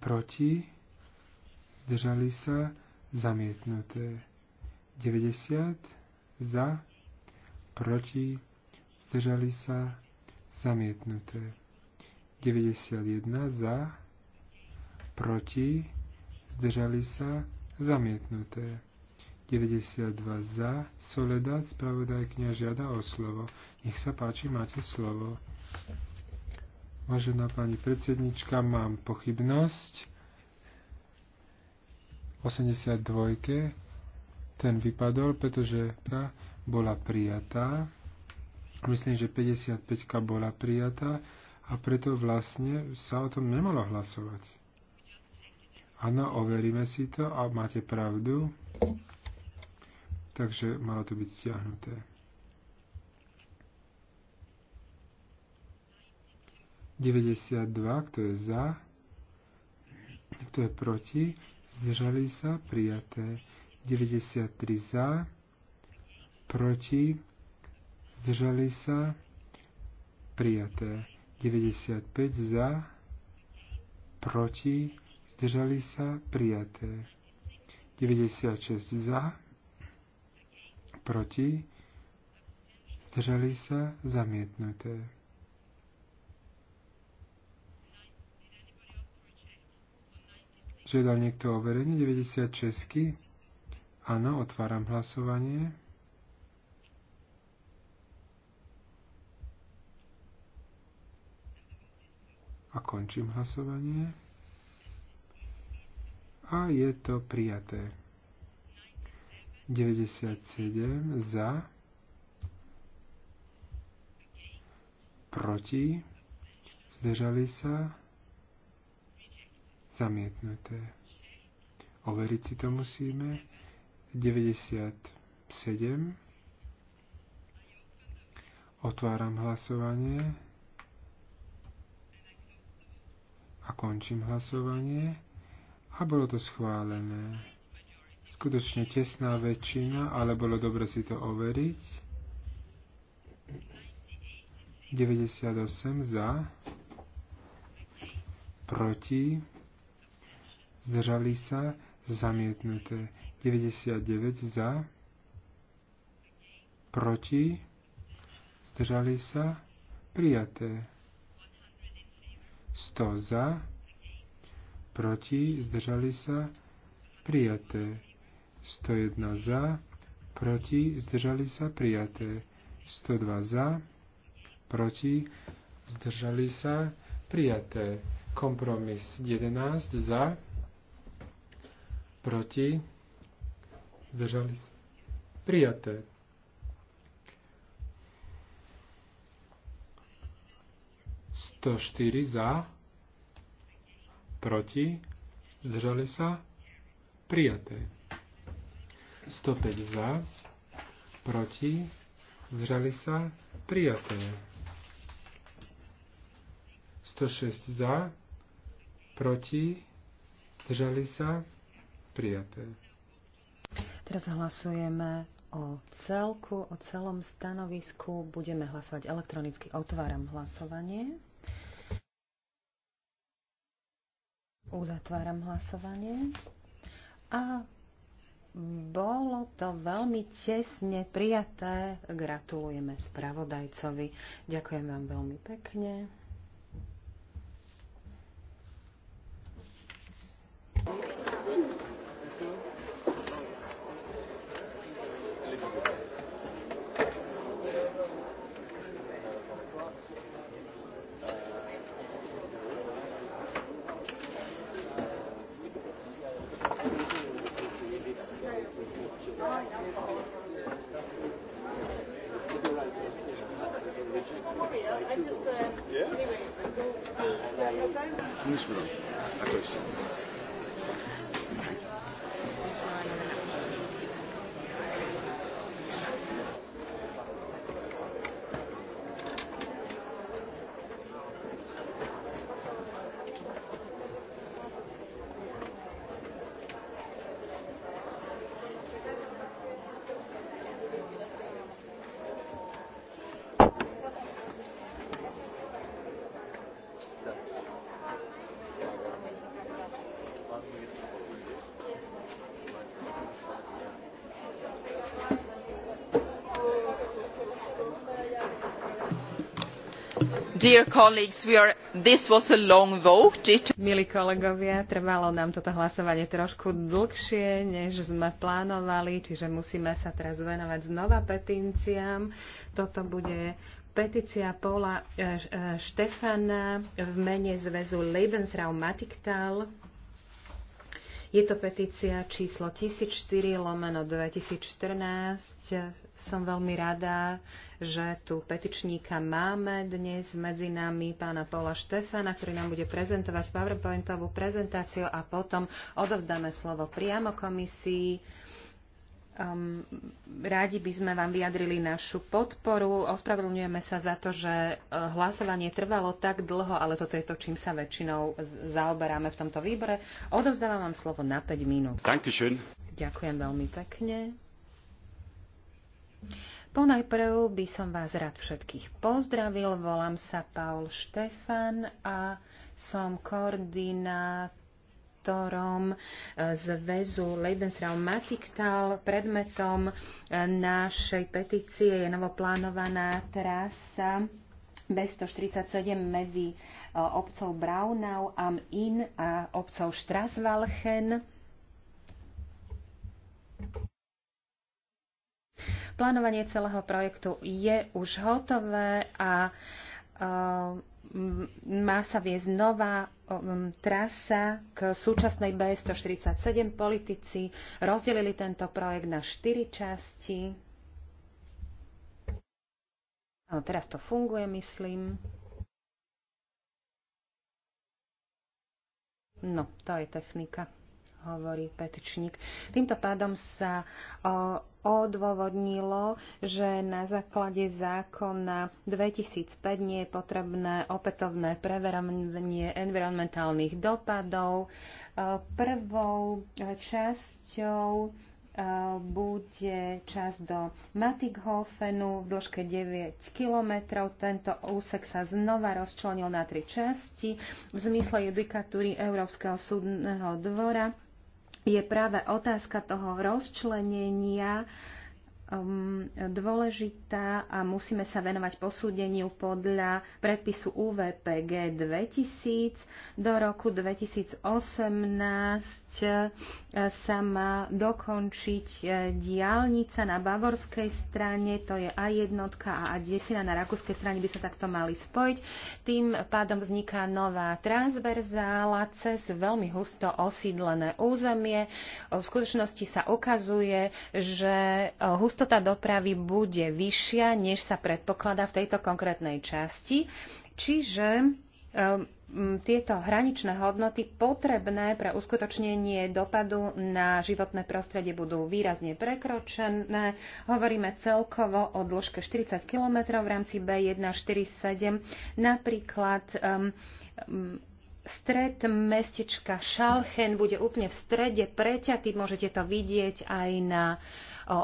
[SPEAKER 3] proti, zdržali sa, zamietnuté. 90 za, proti, zdržali sa, zamietnuté. 91 za, proti, zdržali sa, zamietnuté. 92 za. Soledad, spravodajkňa, žiada o slovo. Nech sa páči, máte slovo. Vážená pani predsednička, mám pochybnosť. 82. Ten vypadol, pretože bola prijatá. Myslím, že 55 bola prijatá a preto vlastne sa o tom nemalo hlasovať. Áno, overíme si to a máte pravdu takže malo to byť stiahnuté. 92, kto je za, kto je proti, zdržali sa, prijaté. 93 za, proti, zdržali sa, prijaté. 95 za, proti, zdržali sa, prijaté. 96 za, proti, zdržali sa, zamietnuté. Žiadal niekto overenie 96. Áno, otváram hlasovanie. A končím hlasovanie. A je to prijaté. 97 za, proti, zdržali sa, zamietnuté. Overiť si to musíme. 97. Otváram hlasovanie a končím hlasovanie a bolo to schválené skutočne tesná väčšina, ale bolo dobre si to overiť. 98 za, proti, zdržali sa, zamietnuté. 99 za, proti, zdržali sa, prijaté. 100 za, proti, zdržali sa, prijaté. 101 za, proti, zdržali sa prijaté. 102 za, proti, zdržali sa prijaté. Kompromis 11 za, proti, zdržali sa prijaté. Sto štyri za, proti, zdržali sa, prijaté. 105 za, proti, zdržali sa, prijaté. 106 za, proti, zdržali sa, prijaté.
[SPEAKER 1] Teraz hlasujeme o celku, o celom stanovisku. Budeme hlasovať elektronicky. Otváram hlasovanie. Uzatváram hlasovanie. A bolo to veľmi tesne prijaté. Gratulujeme spravodajcovi. Ďakujem vám veľmi pekne. Milí kolegovia, trvalo nám toto hlasovanie trošku dlhšie, než sme plánovali, čiže musíme sa teraz venovať znova petíciám. Toto bude petícia Paula e, e, Štefana v mene zväzu Lebensraum Matiktal. Je to petícia číslo four lomeno fourteen som veľmi rada, že tu petičníka máme dnes medzi nami pána Paula Štefana, ktorý nám bude prezentovať PowerPointovú prezentáciu a potom odovzdáme slovo priamo komisii. Um, rádi by sme vám vyjadrili našu podporu. Ospravedlňujeme sa za to, že eh, hlasovanie trvalo tak dlho, ale toto je to, čím sa väčšinou zaoberáme v tomto výbore. Odovzdávam vám slovo na 5 minút. Dankeschön. Ďakujem veľmi pekne. Ponajprv by som vás rád všetkých pozdravil. Volám sa Paul Štefan a som koordinátorom eh, zväzu Lebensraum Matiktal. Predmetom eh, našej petície je novoplánovaná trasa B147 medzi eh, obcov Braunau am Inn a obcov Strasvalchen. Plánovanie celého projektu je už hotové a um, má sa viesť nová um, trasa k súčasnej B147. Politici rozdelili tento projekt na štyri časti. Áno, teraz to funguje, myslím. No, to je technika hovorí petičník. Týmto pádom sa o, odôvodnilo, že na základe zákona 2005 nie je potrebné opätovné preverovanie environmentálnych dopadov. E, prvou časťou e, bude čas do Matighofenu v dĺžke 9 kilometrov. Tento úsek sa znova rozčlenil na tri časti v zmysle judikatúry Európskeho súdneho dvora je práve otázka toho rozčlenenia um, dôležitá a musíme sa venovať posúdeniu podľa predpisu UVPG 2000. Do roku 2018 e, sa má dokončiť e, diálnica na bavorskej strane, to je A1 a A10 na rakúskej strane by sa takto mali spojiť. Tým pádom vzniká nová transverzála cez veľmi husto osídlené územie. V skutočnosti sa ukazuje, že e, husto Hustota dopravy bude vyššia, než sa predpokladá v tejto konkrétnej časti, čiže ehm, tieto hraničné hodnoty potrebné pre uskutočnenie dopadu na životné prostredie budú výrazne prekročené. Hovoríme celkovo o dĺžke 40 km v rámci B147. Napríklad ehm, stred mestečka Šalchen bude úplne v strede preťatý, môžete to vidieť aj na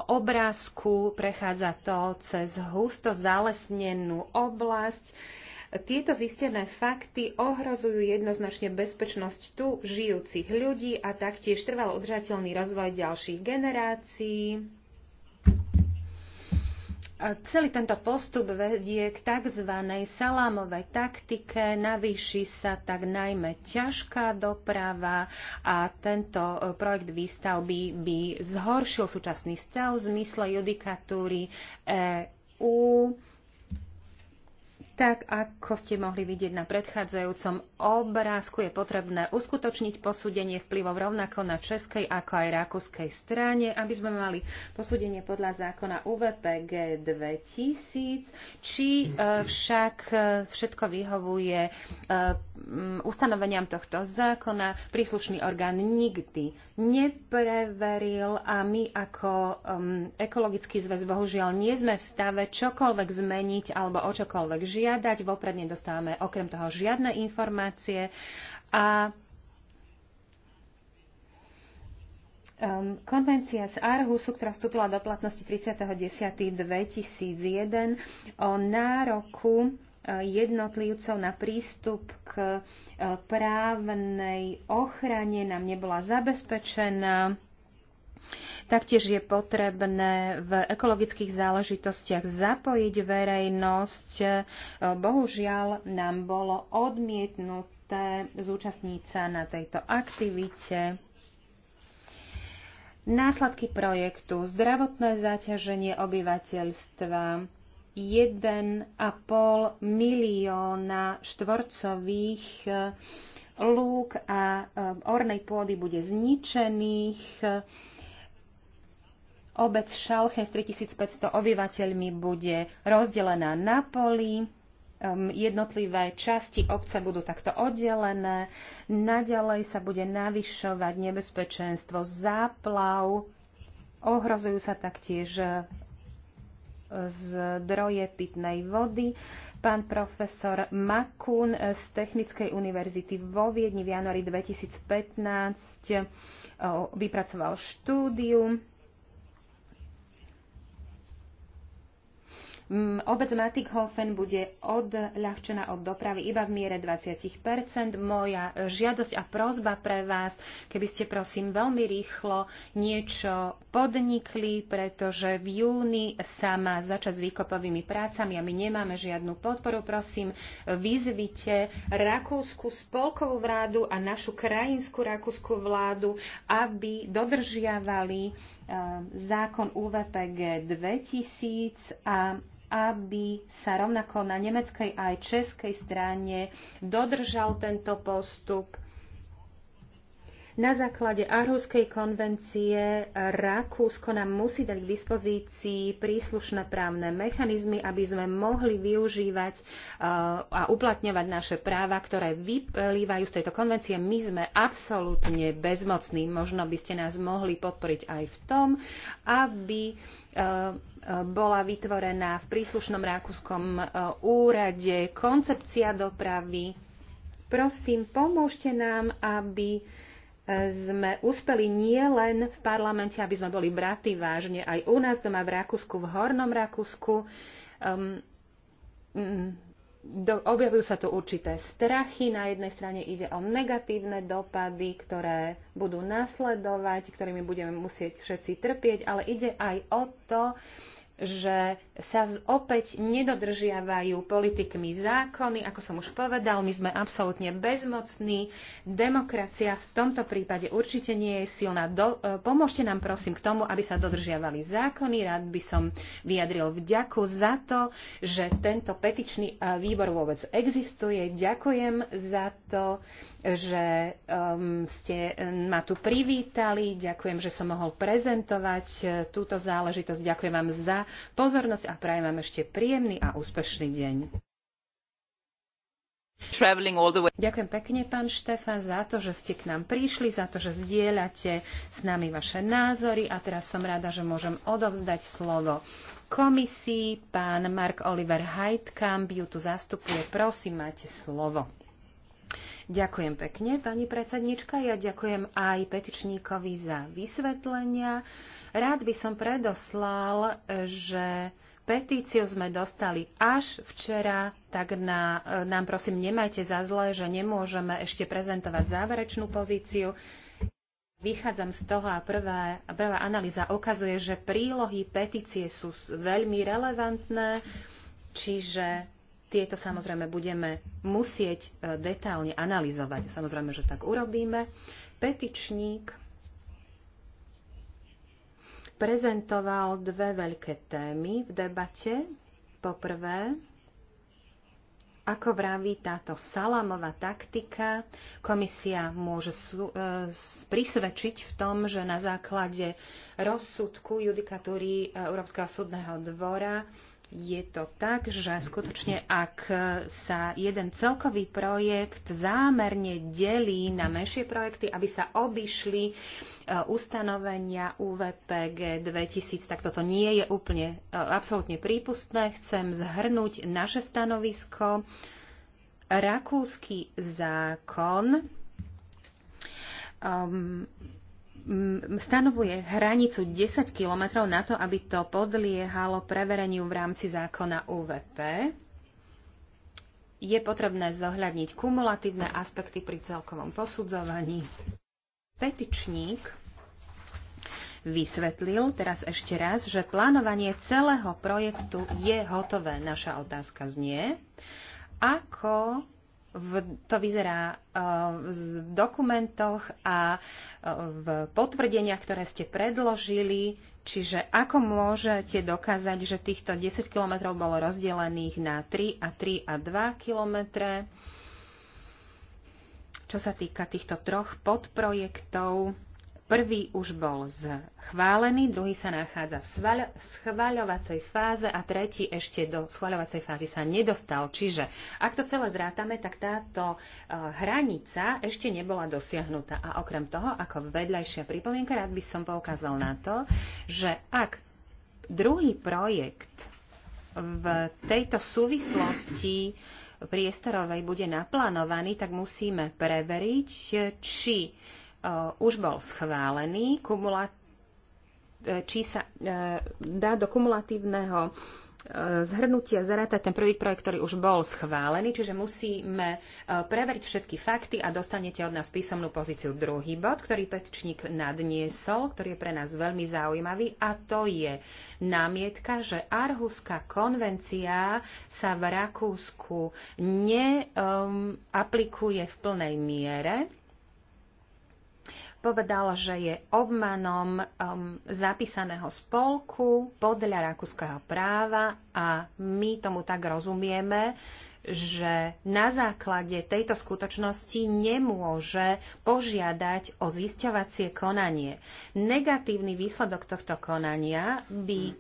[SPEAKER 1] obrázku. Prechádza to cez husto zalesnenú oblasť. Tieto zistené fakty ohrozujú jednoznačne bezpečnosť tu žijúcich ľudí a taktiež trval udržateľný rozvoj ďalších generácií celý tento postup vedie k tzv. salámovej taktike, navýši sa tak najmä ťažká doprava a tento e, projekt výstavby by zhoršil súčasný stav v zmysle judikatúry EU tak ako ste mohli vidieť na predchádzajúcom obrázku, je potrebné uskutočniť posúdenie vplyvov rovnako na českej ako aj rakúskej strane, aby sme mali posúdenie podľa zákona UVPG 2000, či e, však e, všetko vyhovuje e, ustanoveniam tohto zákona. Príslušný orgán nikdy nepreveril a my ako ekologický zväz bohužiaľ nie sme v stave čokoľvek zmeniť alebo o čokoľvek žiť žiadať, vopred nedostávame okrem toho žiadne informácie a um, konvencia z Arhusu, ktorá vstúpila do platnosti 30.10.2001 o nároku uh, jednotlivcov na prístup k uh, právnej ochrane nám nebola zabezpečená. Taktiež je potrebné v ekologických záležitostiach zapojiť verejnosť. Bohužiaľ nám bolo odmietnuté zúčastniť sa na tejto aktivite. Následky projektu zdravotné zaťaženie obyvateľstva 1,5 milióna štvorcových eh, lúk a eh, ornej pôdy bude zničených Obec Šalche s 3500 obyvateľmi bude rozdelená na poli, jednotlivé časti obce budú takto oddelené. Naďalej sa bude navyšovať nebezpečenstvo záplav. Ohrozujú sa taktiež e, zdroje pitnej vody. Pán profesor Makun e, z Technickej univerzity vo Viedni v januári 2015 e, vypracoval štúdium Obec Matighofen bude odľahčená od dopravy iba v miere 20 Moja e, žiadosť a prozba pre vás, keby ste prosím veľmi rýchlo niečo podnikli, pretože v júni sa má začať s výkopovými prácami a my nemáme žiadnu podporu. Prosím, vyzvite Rakúsku spolkovú vládu a našu krajinskú rakúsku vládu, aby dodržiavali e, zákon UVPG 2000 a aby sa rovnako na nemeckej aj českej strane dodržal tento postup na základe Aarhuskej konvencie Rakúsko nám musí dať k dispozícii príslušné právne mechanizmy, aby sme mohli využívať e, a uplatňovať naše práva, ktoré vyplývajú z tejto konvencie. My sme absolútne bezmocní. Možno by ste nás mohli podporiť aj v tom, aby e, e, bola vytvorená v príslušnom rakúskom úrade koncepcia dopravy. Prosím, pomôžte nám, aby sme uspeli nie len v parlamente, aby sme boli braty vážne, aj u nás doma v Rakúsku, v Hornom Rakúsku. Um, mm, do, objavujú sa tu určité strachy. Na jednej strane ide o negatívne dopady, ktoré budú nasledovať, ktorými budeme musieť všetci trpieť, ale ide aj o to, že sa opäť nedodržiavajú politikmi zákony. Ako som už povedal, my sme absolútne bezmocní. Demokracia v tomto prípade určite nie je silná. Do, e, pomôžte nám prosím k tomu, aby sa dodržiavali zákony. Rád by som vyjadril vďaku za to, že tento petičný e, výbor vôbec existuje. Ďakujem za to, že um, ste e, ma tu privítali. Ďakujem, že som mohol prezentovať túto záležitosť. Ďakujem vám za pozornosť a prajem vám ešte príjemný a úspešný deň. Ďakujem pekne, pán Štefan, za to, že ste k nám prišli, za to, že zdieľate s nami vaše názory a teraz som rada, že môžem odovzdať slovo komisii. Pán Mark Oliver Heidkamp ju tu zastupuje. Prosím, máte slovo. Ďakujem pekne, pani predsednička. Ja ďakujem aj petičníkovi za vysvetlenia. Rád by som predoslal, že petíciu sme dostali až včera, tak na, nám prosím nemajte za zlé, že nemôžeme ešte prezentovať záverečnú pozíciu. Vychádzam z toho a prvá, prvá analýza ukazuje, že prílohy petície sú veľmi relevantné, čiže tieto samozrejme budeme musieť e, detálne analyzovať. Samozrejme, že tak urobíme. Petičník prezentoval dve veľké témy v debate. Poprvé, ako vraví táto salamová taktika, komisia môže e, prisvedčiť v tom, že na základe rozsudku judikatúry Európskeho súdneho dvora je to tak, že skutočne ak sa jeden celkový projekt zámerne delí na menšie projekty, aby sa obišli e, ustanovenia UVPG 2000, tak toto nie je úplne e, absolútne prípustné. Chcem zhrnúť naše stanovisko. Rakúsky zákon um, stanovuje hranicu 10 kilometrov na to, aby to podliehalo prevereniu v rámci zákona UVP. Je potrebné zohľadniť kumulatívne aspekty pri celkovom posudzovaní. Petičník vysvetlil teraz ešte raz, že plánovanie celého projektu je hotové. Naša otázka znie, ako v, to vyzerá e, v dokumentoch a e, v potvrdeniach, ktoré ste predložili. Čiže ako môžete dokázať, že týchto 10 kilometrov bolo rozdelených na 3 a 3 a 2 kilometre? Čo sa týka týchto troch podprojektov, Prvý už bol schválený, druhý sa nachádza v schváľovacej fáze a tretí ešte do schváľovacej fázy sa nedostal. Čiže ak to celé zrátame, tak táto e, hranica ešte nebola dosiahnutá. A okrem toho, ako vedľajšia pripomienka, rád by som poukázal na to, že ak druhý projekt v tejto súvislosti priestorovej bude naplánovaný, tak musíme preveriť, či Uh, už bol schválený, kumula, eh, či sa eh, dá do kumulatívneho eh, zhrnutia zarátať ten prvý projekt, ktorý už bol schválený, čiže musíme preveriť všetky fakty a dostanete od nás písomnú pozíciu. Druhý bod, ktorý Petičník nadniesol, ktorý je pre nás veľmi zaujímavý, a to je námietka, že Arhuská konvencia sa v Rakúsku neaplikuje um, v plnej miere povedal, že je obmanom um, zapísaného spolku podľa rakúskeho práva a my tomu tak rozumieme, že na základe tejto skutočnosti nemôže požiadať o zisťovacie konanie. Negatívny výsledok tohto konania by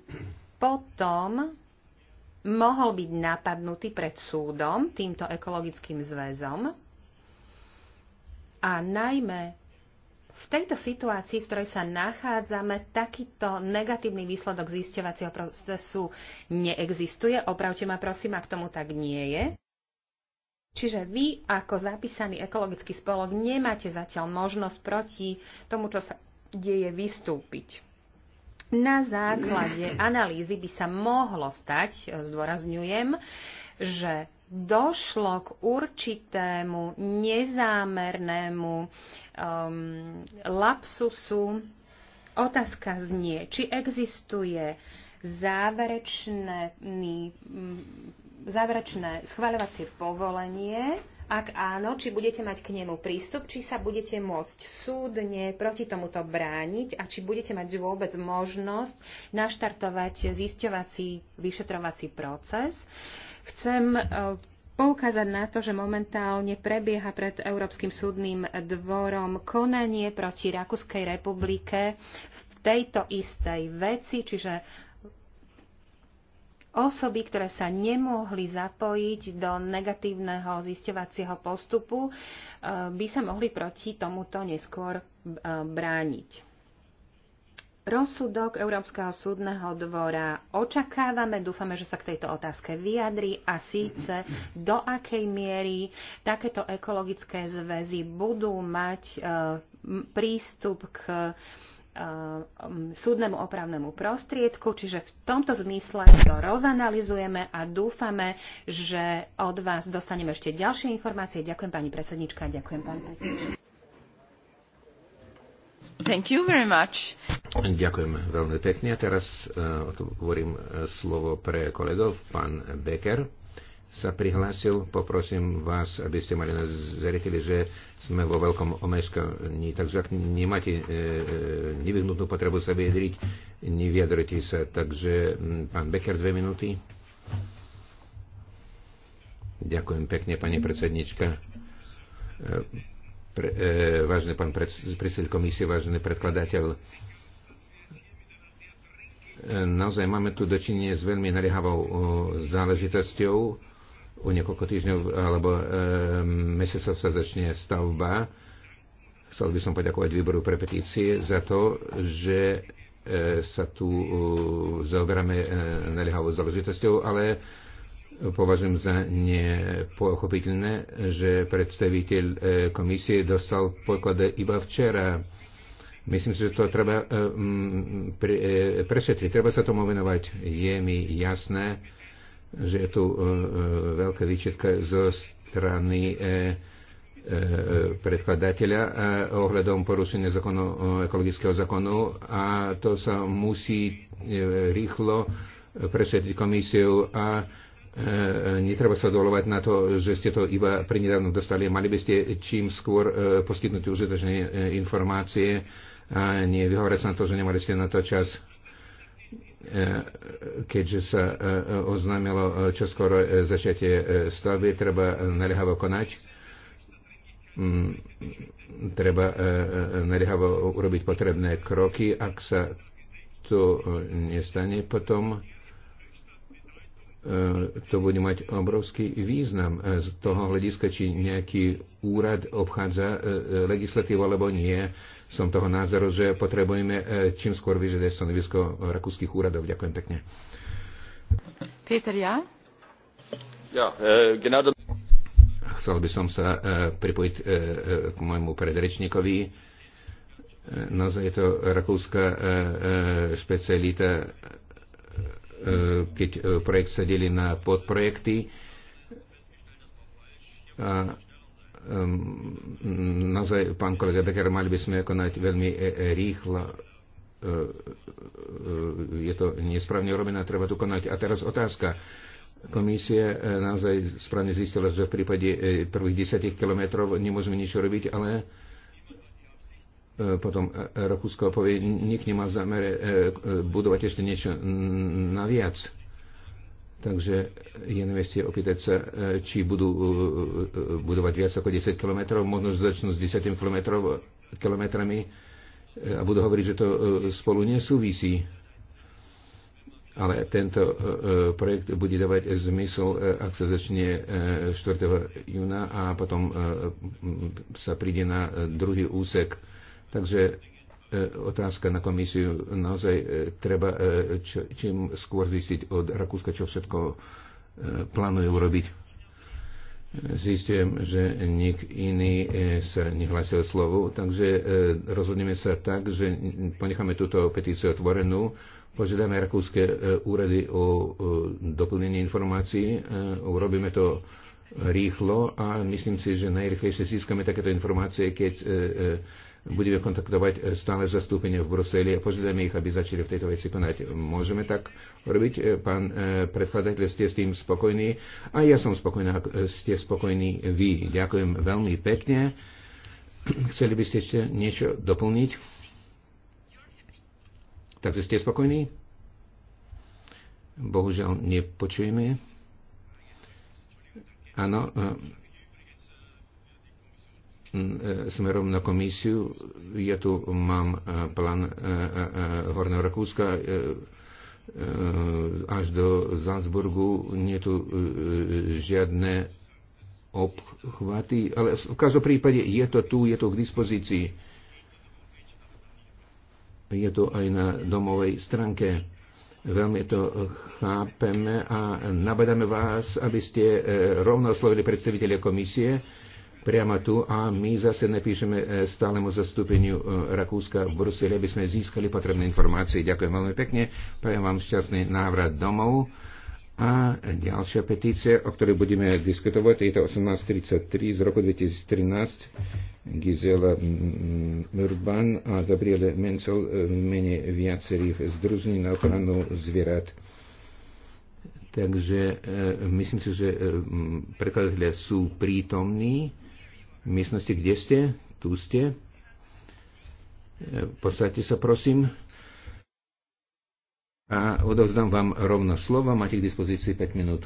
[SPEAKER 1] potom mohol byť napadnutý pred súdom, týmto ekologickým zväzom a najmä v tejto situácii, v ktorej sa nachádzame, takýto negatívny výsledok zisťovacieho procesu neexistuje. Opravte ma prosím, ak tomu tak nie je. Čiže vy ako zapísaný ekologický spolok nemáte zatiaľ možnosť proti tomu, čo sa deje, vystúpiť. Na základe analýzy by sa mohlo stať, e, zdôrazňujem, že došlo k určitému nezámernému um, lapsusu. Otázka znie, či existuje záverečné, mm, záverečné schváľovacie povolenie ak áno, či budete mať k nemu prístup, či sa budete môcť súdne proti tomuto brániť a či budete mať vôbec možnosť naštartovať zisťovací vyšetrovací proces. Chcem e, poukázať na to, že momentálne prebieha pred Európskym súdnym dvorom konanie proti Rakúskej republike v tejto istej veci, čiže osoby, ktoré sa nemohli zapojiť do negatívneho zisťovacieho postupu, e, by sa mohli proti tomuto neskôr e, brániť rozsudok Európskeho súdneho dvora očakávame. Dúfame, že sa k tejto otázke vyjadri a síce do akej miery takéto ekologické zväzy budú mať e, prístup k e, súdnemu opravnému prostriedku, čiže v tomto zmysle to rozanalizujeme a dúfame, že od vás dostaneme ešte ďalšie informácie. Ďakujem pani predsednička, ďakujem pán predsednička. Thank you very much.
[SPEAKER 2] Ďakujem veľmi pekne. A teraz uh, eh, otvorím eh, slovo pre kolegov. Pán Becker sa prihlásil. Poprosím vás, aby ste mali nás zariteli, že sme vo veľkom omeškaní. Takže ak nemáte e, nevyhnutnú potrebu sa vyjadriť, nevyjadrite sa. Takže hm, pán Becker, dve minúty. Ďakujem pekne, pani predsednička pre, e, vážený pán pred, komisie, vážený predkladateľ, e, naozaj máme tu dočinenie s veľmi naliehavou e, záležitosťou. O niekoľko týždňov alebo e, mesiacov sa začne stavba. Chcel by som poďakovať výboru pre petície za to, že e, sa tu e, zaoberáme e, naliehavou záležitosťou, ale e, považujem za nepochopiteľné, že predstaviteľ e, komisie dostal poklady iba včera. Myslím si, že to treba e, mm, e, prešetriť, treba sa tomu venovať. Je mi jasné, že je tu veľká výčetka zo strany predkladateľa ohľadom porušenia zákonu, ekologického zákonu a to sa musí rýchlo prešetriť komisiu a E, netreba sa dolovať na to, že ste to iba prinedávno dostali. Mali by ste čím skôr e, poskytnúť užitočné e, informácie a nie nevyhovárať sa na to, že nemali ste na to čas e, keďže sa e, oznámilo e, čoskoro začiatie stavby, treba naliehavo konať, mm, treba naliehavo urobiť potrebné kroky, ak sa to nestane potom, E, to bude mať obrovský význam e, z toho hľadiska, či nejaký úrad obchádza e, legislatívu alebo nie. Som toho názoru, že potrebujeme čím skôr vyžiadať stanovisko rakúskych úradov. Ďakujem pekne.
[SPEAKER 1] Peter, ja? Ja, e, genau...
[SPEAKER 2] Chcel by som sa pripojiť k môjmu predrečníkovi. Naozaj je to rakúska špecialita E, keď e, projekt sa delí na podprojekty. A naozaj, pán kolega Becker, mali by sme konať veľmi e, rýchlo. Je to nesprávne urobené, treba to konať. A teraz otázka. Komisia naozaj správne zistila, že v prípade prvých desiatich kilometrov nemôžeme nič robiť, ale E, potom e, e, Rakúsko povie, nik nemá v zámere budovať ešte niečo naviac. Takže je na mieste opýtať sa, či budú budovať viac ako 10 km, možno začnú s 10 km, kilometrami a budú hovoriť, že to spolu nesúvisí. Ale tento projekt bude dávať zmysel, ak sa začne 4. júna a potom sa príde na druhý úsek Takže e, otázka na komisiu naozaj e, treba e, čo, čím skôr zistiť od Rakúska, čo všetko plánuje urobiť. Zistujem, že nik iný sa nehlasil slovo, takže rozhodneme sa tak, že ponecháme túto petíciu otvorenú, požiadame rakúske úrady o doplnenie informácií, urobíme to rýchlo a myslím si, že najrychlejšie získame takéto informácie, keď budeme kontaktovať e, stále zastúpenie v Bruseli a požiadame ich, aby začali v tejto veci konať. Môžeme tak robiť? E, pán e, predkladateľ, ste s tým spokojní? A ja som spokojná, ak ste spokojní vy. Ďakujem veľmi pekne. Chceli by ste ešte niečo doplniť? Takže ste spokojní? Bohužiaľ, nepočujeme. Áno, E, smerom na komisiu. Ja tu mám e, plán e, Horného Rakúska až do Zandsburgu. Nie tu žiadne obchvaty, ale v každom prípade je to tu, je to k dispozícii. Je to aj na domovej stránke veľmi to chápeme a nabadáme vás, aby ste rovno oslovili predstaviteľe komisie priamo tu a my zase napíšeme e, stálemu zastúpeniu e, Rakúska v Bruseli, aby sme získali potrebné informácie. Ďakujem veľmi pekne, prajem vám šťastný návrat domov. A ďalšia petícia, o ktorej budeme diskutovať, je to 1833 z roku 2013. Gizela Urban a Gabriele Mencel e, v mene viacerých združení na ochranu zvierat. Takže myslím si, že prekladatelia sú prítomní miestnosti, kde ste, tu ste. E, Podstate sa prosím a odovzdám vám rovno slovo, máte k dispozícii 5 minút.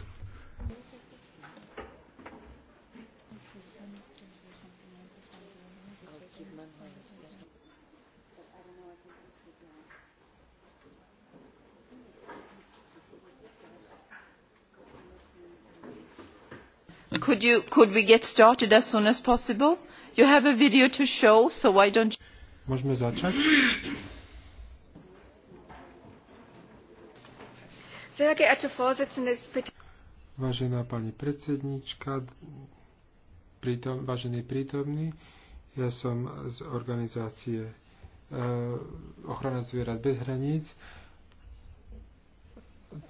[SPEAKER 1] Môžeme
[SPEAKER 3] začať? Vážená pani predsednička, prítom, vážený prítomný, ja som z organizácie e, Ochrana zvierat bez hraníc.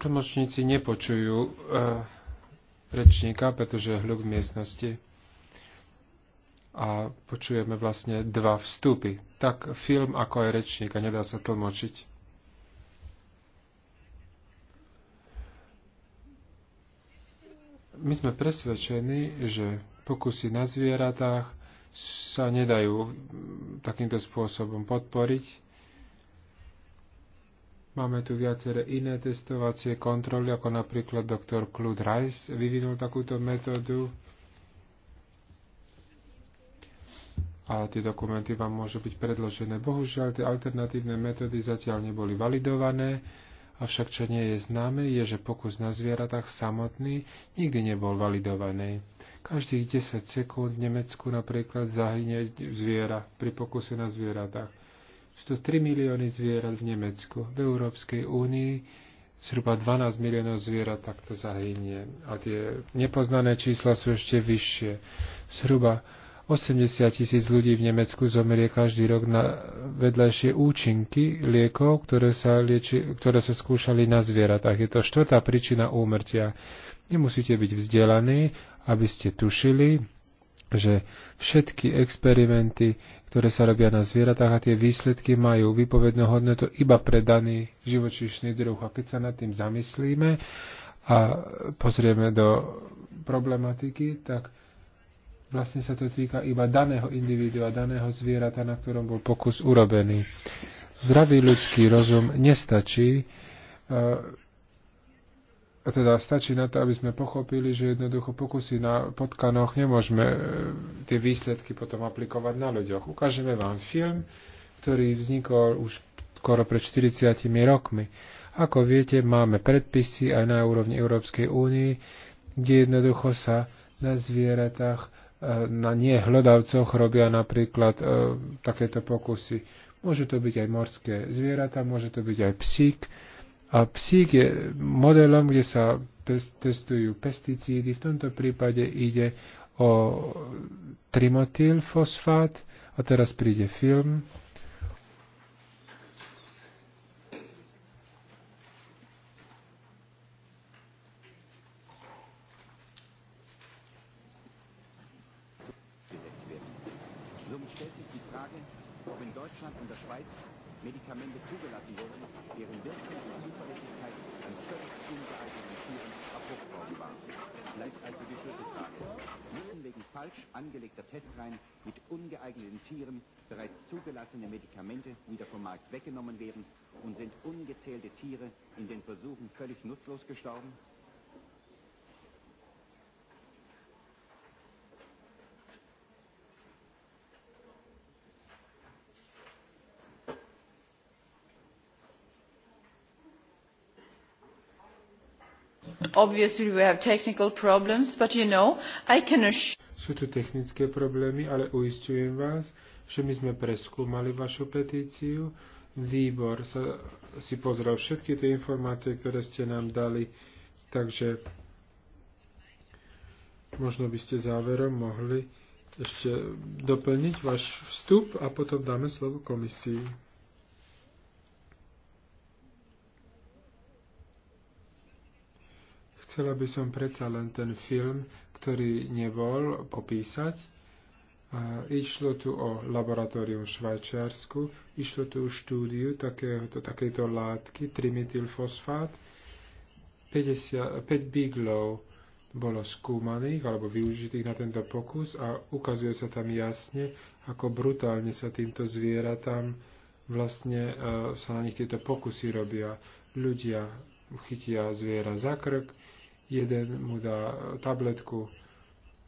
[SPEAKER 3] Tlmočníci nepočujú e, rečníka, pretože je hľuk v miestnosti. A počujeme vlastne dva vstupy. Tak film, ako aj rečníka. Nedá sa tlmočiť. My sme presvedčení, že pokusy na zvieratách sa nedajú takýmto spôsobom podporiť Máme tu viaceré iné testovacie kontroly, ako napríklad doktor Claude Rice vyvinul takúto metódu. A tie dokumenty vám môžu byť predložené. Bohužiaľ, tie alternatívne metódy zatiaľ neboli validované, avšak čo nie je známe, je, že pokus na zvieratách samotný nikdy nebol validovaný. Každých 10 sekúnd v Nemecku napríklad zahynie zviera pri pokuse na zvieratách. Sú 3 milióny zvierat v Nemecku. V Európskej únii zhruba 12 miliónov zvierat takto zahynie. A tie nepoznané čísla sú ešte vyššie. Zhruba 80 tisíc ľudí v Nemecku zomerie každý rok na vedľajšie účinky liekov, ktoré sa, lieči, ktoré sa skúšali na zvieratách. Je to štvrtá príčina úmrtia. Nemusíte byť vzdelaní, aby ste tušili, že všetky experimenty, ktoré sa robia na zvieratách a tie výsledky majú vypovednú hodnotu iba pre daný živočíšny druh. A keď sa nad tým zamyslíme a pozrieme do problematiky, tak vlastne sa to týka iba daného individua, daného zvierata, na ktorom bol pokus urobený. Zdravý ľudský rozum nestačí, e, a teda stačí na to, aby sme pochopili, že jednoducho pokusy na potkanoch nemôžeme e, tie výsledky potom aplikovať na ľuďoch. Ukážeme vám film, ktorý vznikol už skoro pred 40 rokmi. Ako viete, máme predpisy aj na úrovni Európskej únii, kde jednoducho sa na zvieratách, e, na niehľadavcoch robia napríklad e, takéto pokusy. Môže to byť aj morské zvieratá, môže to byť aj psík, a psík je modelom, kde sa testujú pesticídy. V tomto prípade ide o fosfát A teraz príde film.
[SPEAKER 2] falsch angelegter Testreihen mit ungeeigneten Tieren bereits zugelassene Medikamente wieder vom Markt weggenommen werden und sind ungezählte Tiere in den Versuchen völlig nutzlos gestorben?
[SPEAKER 1] obviously we have technical problems but you know i can assure
[SPEAKER 3] sú tu technické problémy, ale uistujem vás, že my sme preskúmali vašu petíciu. Výbor sa, si pozrel všetky tie informácie, ktoré ste nám dali, takže možno by ste záverom mohli ešte doplniť váš vstup a potom dáme slovo komisii. Chcela by som predsa len ten film ktorý nebol popísať. Išlo tu o laboratórium v Švajčiarsku, išlo tu o štúdiu takéhoto, takéto látky, trimetylfosfát. 50, 5 biglov bolo skúmaných alebo využitých na tento pokus a ukazuje sa tam jasne, ako brutálne sa týmto zvieratám vlastne e, sa na nich tieto pokusy robia. Ľudia chytia zviera za krk, jeden mu dá tabletku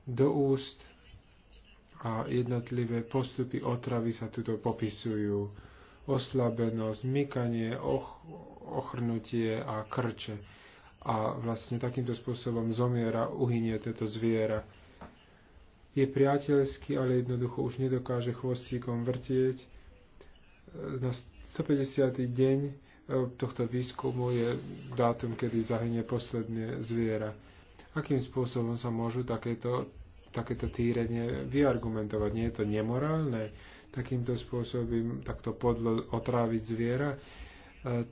[SPEAKER 3] do úst a jednotlivé postupy otravy sa tuto popisujú. Oslabenosť, mykanie, och, ochrnutie a krče. A vlastne takýmto spôsobom zomiera, uhynie toto zviera. Je priateľský, ale jednoducho už nedokáže chvostíkom vrtieť. Na 150. deň tohto výskumu je dátum, kedy zahynie posledné zviera. Akým spôsobom sa môžu takéto, takéto týrenie vyargumentovať? Nie je to nemorálne takýmto spôsobom takto podlo otráviť zviera? E,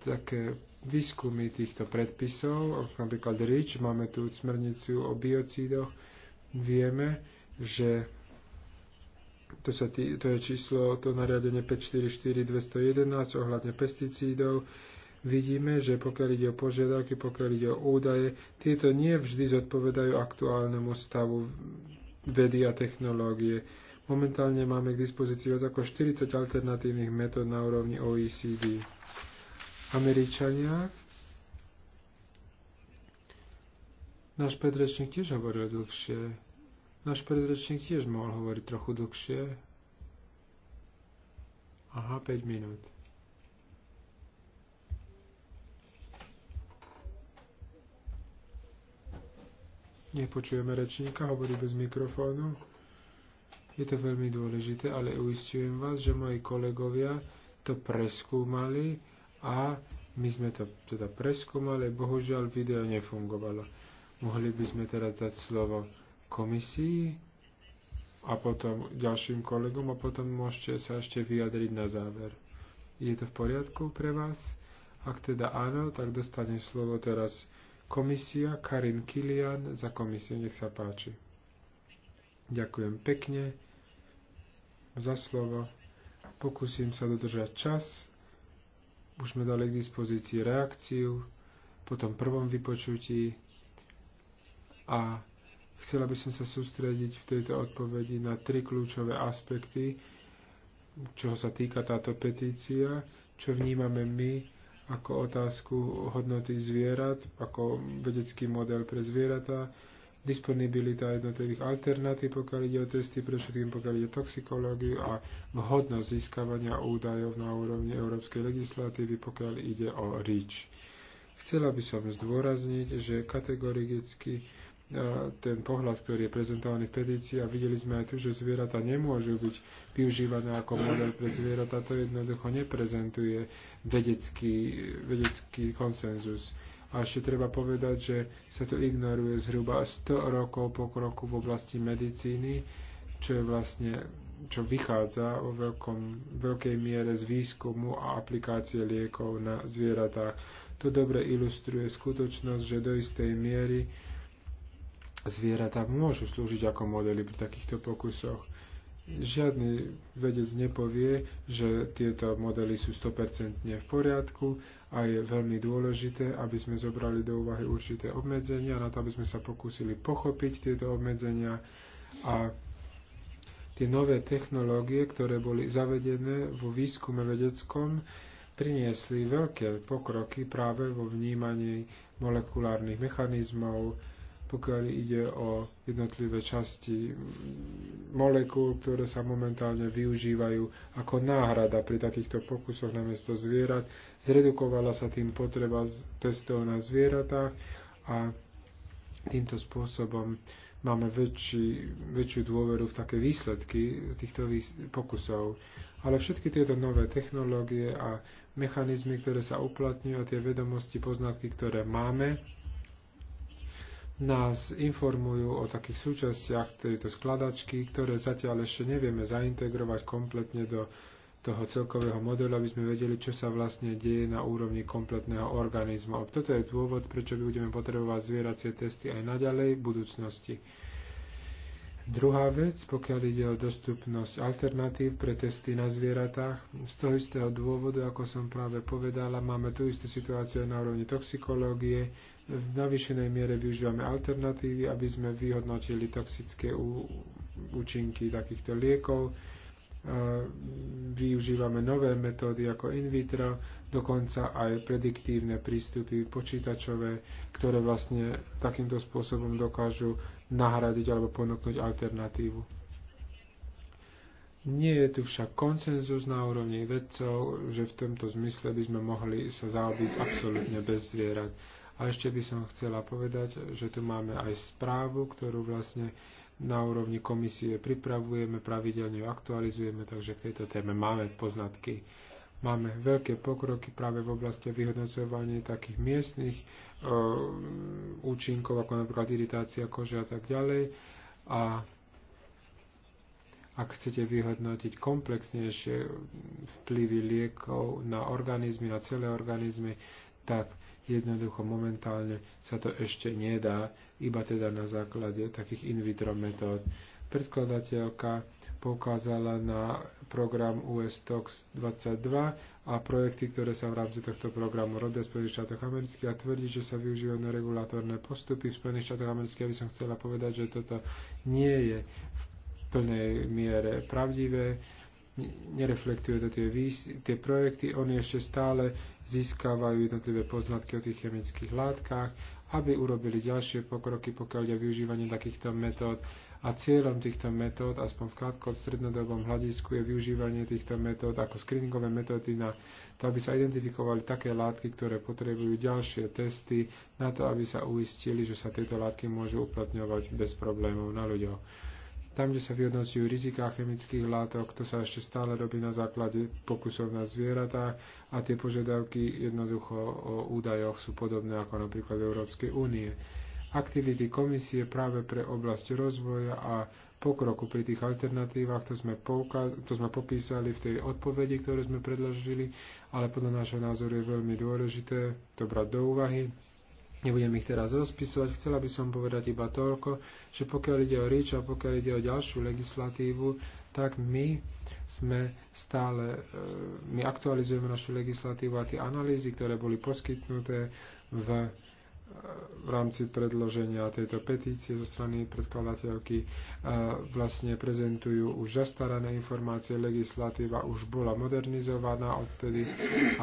[SPEAKER 3] také výskumy týchto predpisov, napríklad RIČ, máme tu smernicu o biocídoch, vieme, že to, sa tý, to je číslo, to nariadenie 544-211 ohľadne pesticídov. Vidíme, že pokiaľ ide o požiadavky, pokiaľ ide o údaje, tieto nie vždy zodpovedajú aktuálnemu stavu vedy a technológie. Momentálne máme k dispozícii viac ako 40 alternatívnych metód na úrovni OECD. Američania. Náš predrečník tiež hovoril dlhšie. Náš predrečník tiež mohol hovoriť trochu dlhšie. Aha, 5 minút. Nepočujeme rečníka, hovorí bez mikrofónu. Je to veľmi dôležité, ale uistujem vás, že moji kolegovia to preskúmali a my sme to teda preskúmali, bohužiaľ video nefungovalo. Mohli by sme teraz dať slovo komisii a potom ďalším kolegom a potom môžete sa ešte vyjadriť na záver. Je to v poriadku pre vás? Ak teda áno, tak dostane slovo teraz komisia Karin Kilian za komisiu. Nech sa páči. Ďakujem pekne za slovo. Pokúsim sa dodržať čas. Už sme dali k dispozícii reakciu po tom prvom vypočutí a Chcela by som sa sústrediť v tejto odpovedi na tri kľúčové aspekty, čoho sa týka táto petícia, čo vnímame my ako otázku hodnoty zvierat, ako vedecký model pre zvieratá, disponibilita jednotlivých alternatív, pokiaľ ide o testy, pre všetkým pokiaľ ide o toxikológiu a vhodnosť získavania údajov na úrovni európskej legislatívy, pokiaľ ide o REACH. Chcela by som zdôrazniť, že kategoricky ten pohľad, ktorý je prezentovaný v petícii a videli sme aj tu, že zvieratá nemôžu byť využívané ako model pre zvieratá, to jednoducho neprezentuje vedecký, vedecký konsenzus. A ešte treba povedať, že sa to ignoruje zhruba 100 rokov po kroku v oblasti medicíny, čo je vlastne čo vychádza vo veľkom, veľkej miere z výskumu a aplikácie liekov na zvieratách. To dobre ilustruje skutočnosť, že do istej miery zvieratá môžu slúžiť ako modely pri takýchto pokusoch. Žiadny vedec nepovie, že tieto modely sú 100% v poriadku a je veľmi dôležité, aby sme zobrali do úvahy určité obmedzenia, na to, aby sme sa pokúsili pochopiť tieto obmedzenia a tie nové technológie, ktoré boli zavedené vo výskume vedeckom, priniesli veľké pokroky práve vo vnímaní molekulárnych mechanizmov, pokiaľ ide o jednotlivé časti molekúl, ktoré sa momentálne využívajú ako náhrada pri takýchto pokusoch na miesto zvierat. Zredukovala sa tým potreba testov na zvieratách a týmto spôsobom máme väčší, väčšiu dôveru v také výsledky týchto výs- pokusov. Ale všetky tieto nové technológie a mechanizmy, ktoré sa uplatňujú a tie vedomosti, poznatky, ktoré máme, nás informujú o takých súčastiach tejto skladačky, ktoré zatiaľ ešte nevieme zaintegrovať kompletne do toho celkového modelu, aby sme vedeli, čo sa vlastne deje na úrovni kompletného organizmu. A toto je dôvod, prečo budeme potrebovať zvieracie testy aj naďalej v budúcnosti. Druhá vec, pokiaľ ide o dostupnosť alternatív pre testy na zvieratách, z toho istého dôvodu, ako som práve povedala, máme tú istú situáciu na úrovni toxikológie, v navýšenej miere využívame alternatívy, aby sme vyhodnotili toxické účinky takýchto liekov. Využívame nové metódy ako in vitro, dokonca aj prediktívne prístupy počítačové, ktoré vlastne takýmto spôsobom dokážu nahradiť alebo ponúknuť alternatívu. Nie je tu však konsenzus na úrovni vedcov, že v tomto zmysle by sme mohli sa zaobísť absolútne bez zvierat a ešte by som chcela povedať, že tu máme aj správu, ktorú vlastne na úrovni komisie pripravujeme, pravidelne ju aktualizujeme, takže k tejto téme máme poznatky. Máme veľké pokroky práve v oblasti vyhodnocovania takých miestnych e, účinkov, ako napríklad iritácia kože a tak ďalej. A ak chcete vyhodnotiť komplexnejšie vplyvy liekov na organizmy, na celé organizmy, tak Jednoducho momentálne sa to ešte nedá, iba teda na základe takých in vitro metód. Predkladateľka poukázala na program US TOX 22 a projekty, ktoré sa v rámci tohto programu robia v Spojených štátoch amerických a tvrdí, že sa využívajú na regulatórne postupy v Spojených štátoch amerických. Aby som chcela povedať, že toto nie je v plnej miere pravdivé nereflektuje to tie, výs- tie projekty, oni ešte stále získavajú jednotlivé poznatky o tých chemických látkach, aby urobili ďalšie pokroky, pokiaľ ide využívanie takýchto metód. A cieľom týchto metód, aspoň v krátkom strednodobom hľadisku, je využívanie týchto metód ako screeningové metódy na to, aby sa identifikovali také látky, ktoré potrebujú ďalšie testy, na to, aby sa uistili, že sa tieto látky môžu uplatňovať bez problémov na ľuďoch. Tam, kde sa vyhodnocujú riziká chemických látok, to sa ešte stále robí na základe pokusov na zvieratách a tie požiadavky jednoducho o údajoch sú podobné ako napríklad Európskej únie. Aktivity komisie práve pre oblasť rozvoja a pokroku pri tých alternatívach, to sme, poukaz- to sme popísali v tej odpovedi, ktorú sme predložili, ale podľa nášho názoru je veľmi dôležité to brať do úvahy Nebudem ich teraz rozpisovať, chcela by som povedať iba toľko, že pokiaľ ide o REACH a pokiaľ ide o ďalšiu legislatívu, tak my sme stále, e, my aktualizujeme našu legislatívu a tie analýzy, ktoré boli poskytnuté v, e, v rámci predloženia tejto petície zo strany predkladateľky, e, vlastne prezentujú už zastarané informácie, legislatíva už bola modernizovaná odtedy a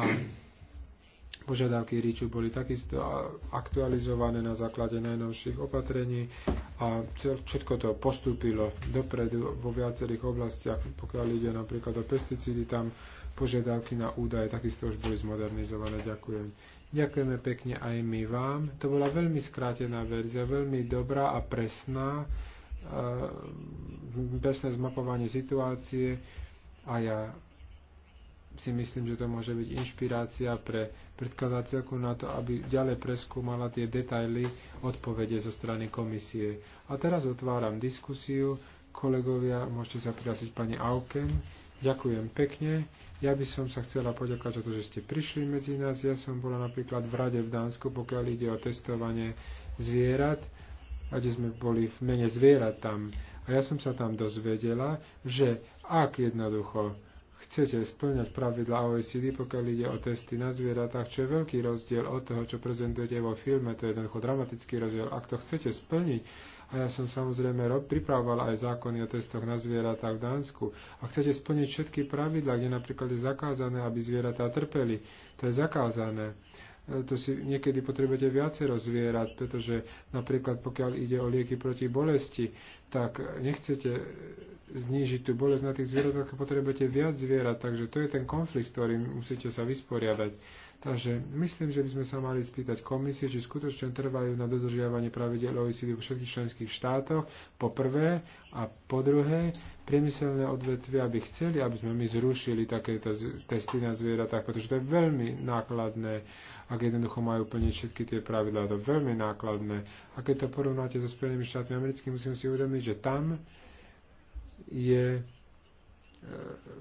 [SPEAKER 3] Požiadavky Ríču boli takisto aktualizované na základe najnovších opatrení a všetko to postúpilo dopredu vo viacerých oblastiach, pokiaľ ide napríklad o pesticídy, tam požiadavky na údaje takisto už boli zmodernizované. Ďakujem. Ďakujeme pekne aj my vám. To bola veľmi skrátená verzia, veľmi dobrá a presná, eh, presné zmapovanie situácie a ja si myslím, že to môže byť inšpirácia pre predkladateľku na to, aby ďalej preskúmala tie detaily odpovede zo strany komisie. A teraz otváram diskusiu. Kolegovia, môžete sa prihlásiť pani Auken. Ďakujem pekne. Ja by som sa chcela poďakovať za to, že ste prišli medzi nás. Ja som bola napríklad v Rade v Dánsku, pokiaľ ide o testovanie zvierat, a kde sme boli v mene zvierat tam. A ja som sa tam dozvedela, že ak jednoducho chcete splňať pravidla OECD, pokiaľ ide o testy na zvieratách, čo je veľký rozdiel od toho, čo prezentujete vo filme, to je jednoducho dramatický rozdiel. Ak to chcete splniť, a ja som samozrejme pripravoval aj zákony o testoch na zvieratách v Dánsku. A chcete splniť všetky pravidlá, kde napríklad je zakázané, aby zvieratá trpeli. To je zakázané. E, to si niekedy potrebujete viacero zvierat, pretože napríklad pokiaľ ide o lieky proti bolesti, tak nechcete znížiť tú bolesť na tých zvieratách, potrebujete viac zvierat, takže to je ten konflikt, s ktorým musíte sa vysporiadať. Takže myslím, že by sme sa mali spýtať komisie, či skutočne trvajú na dodržiavanie pravidel OECD vo všetkých členských štátoch, po prvé, a po druhé, priemyselné odvetvia by chceli, aby sme my zrušili takéto testy na zvieratách, pretože to je veľmi nákladné, ak jednoducho majú plniť všetky tie pravidlá, to je veľmi nákladné. A keď to porovnáte so Spojenými štátmi americkými, musím si uvedomiť, že tam je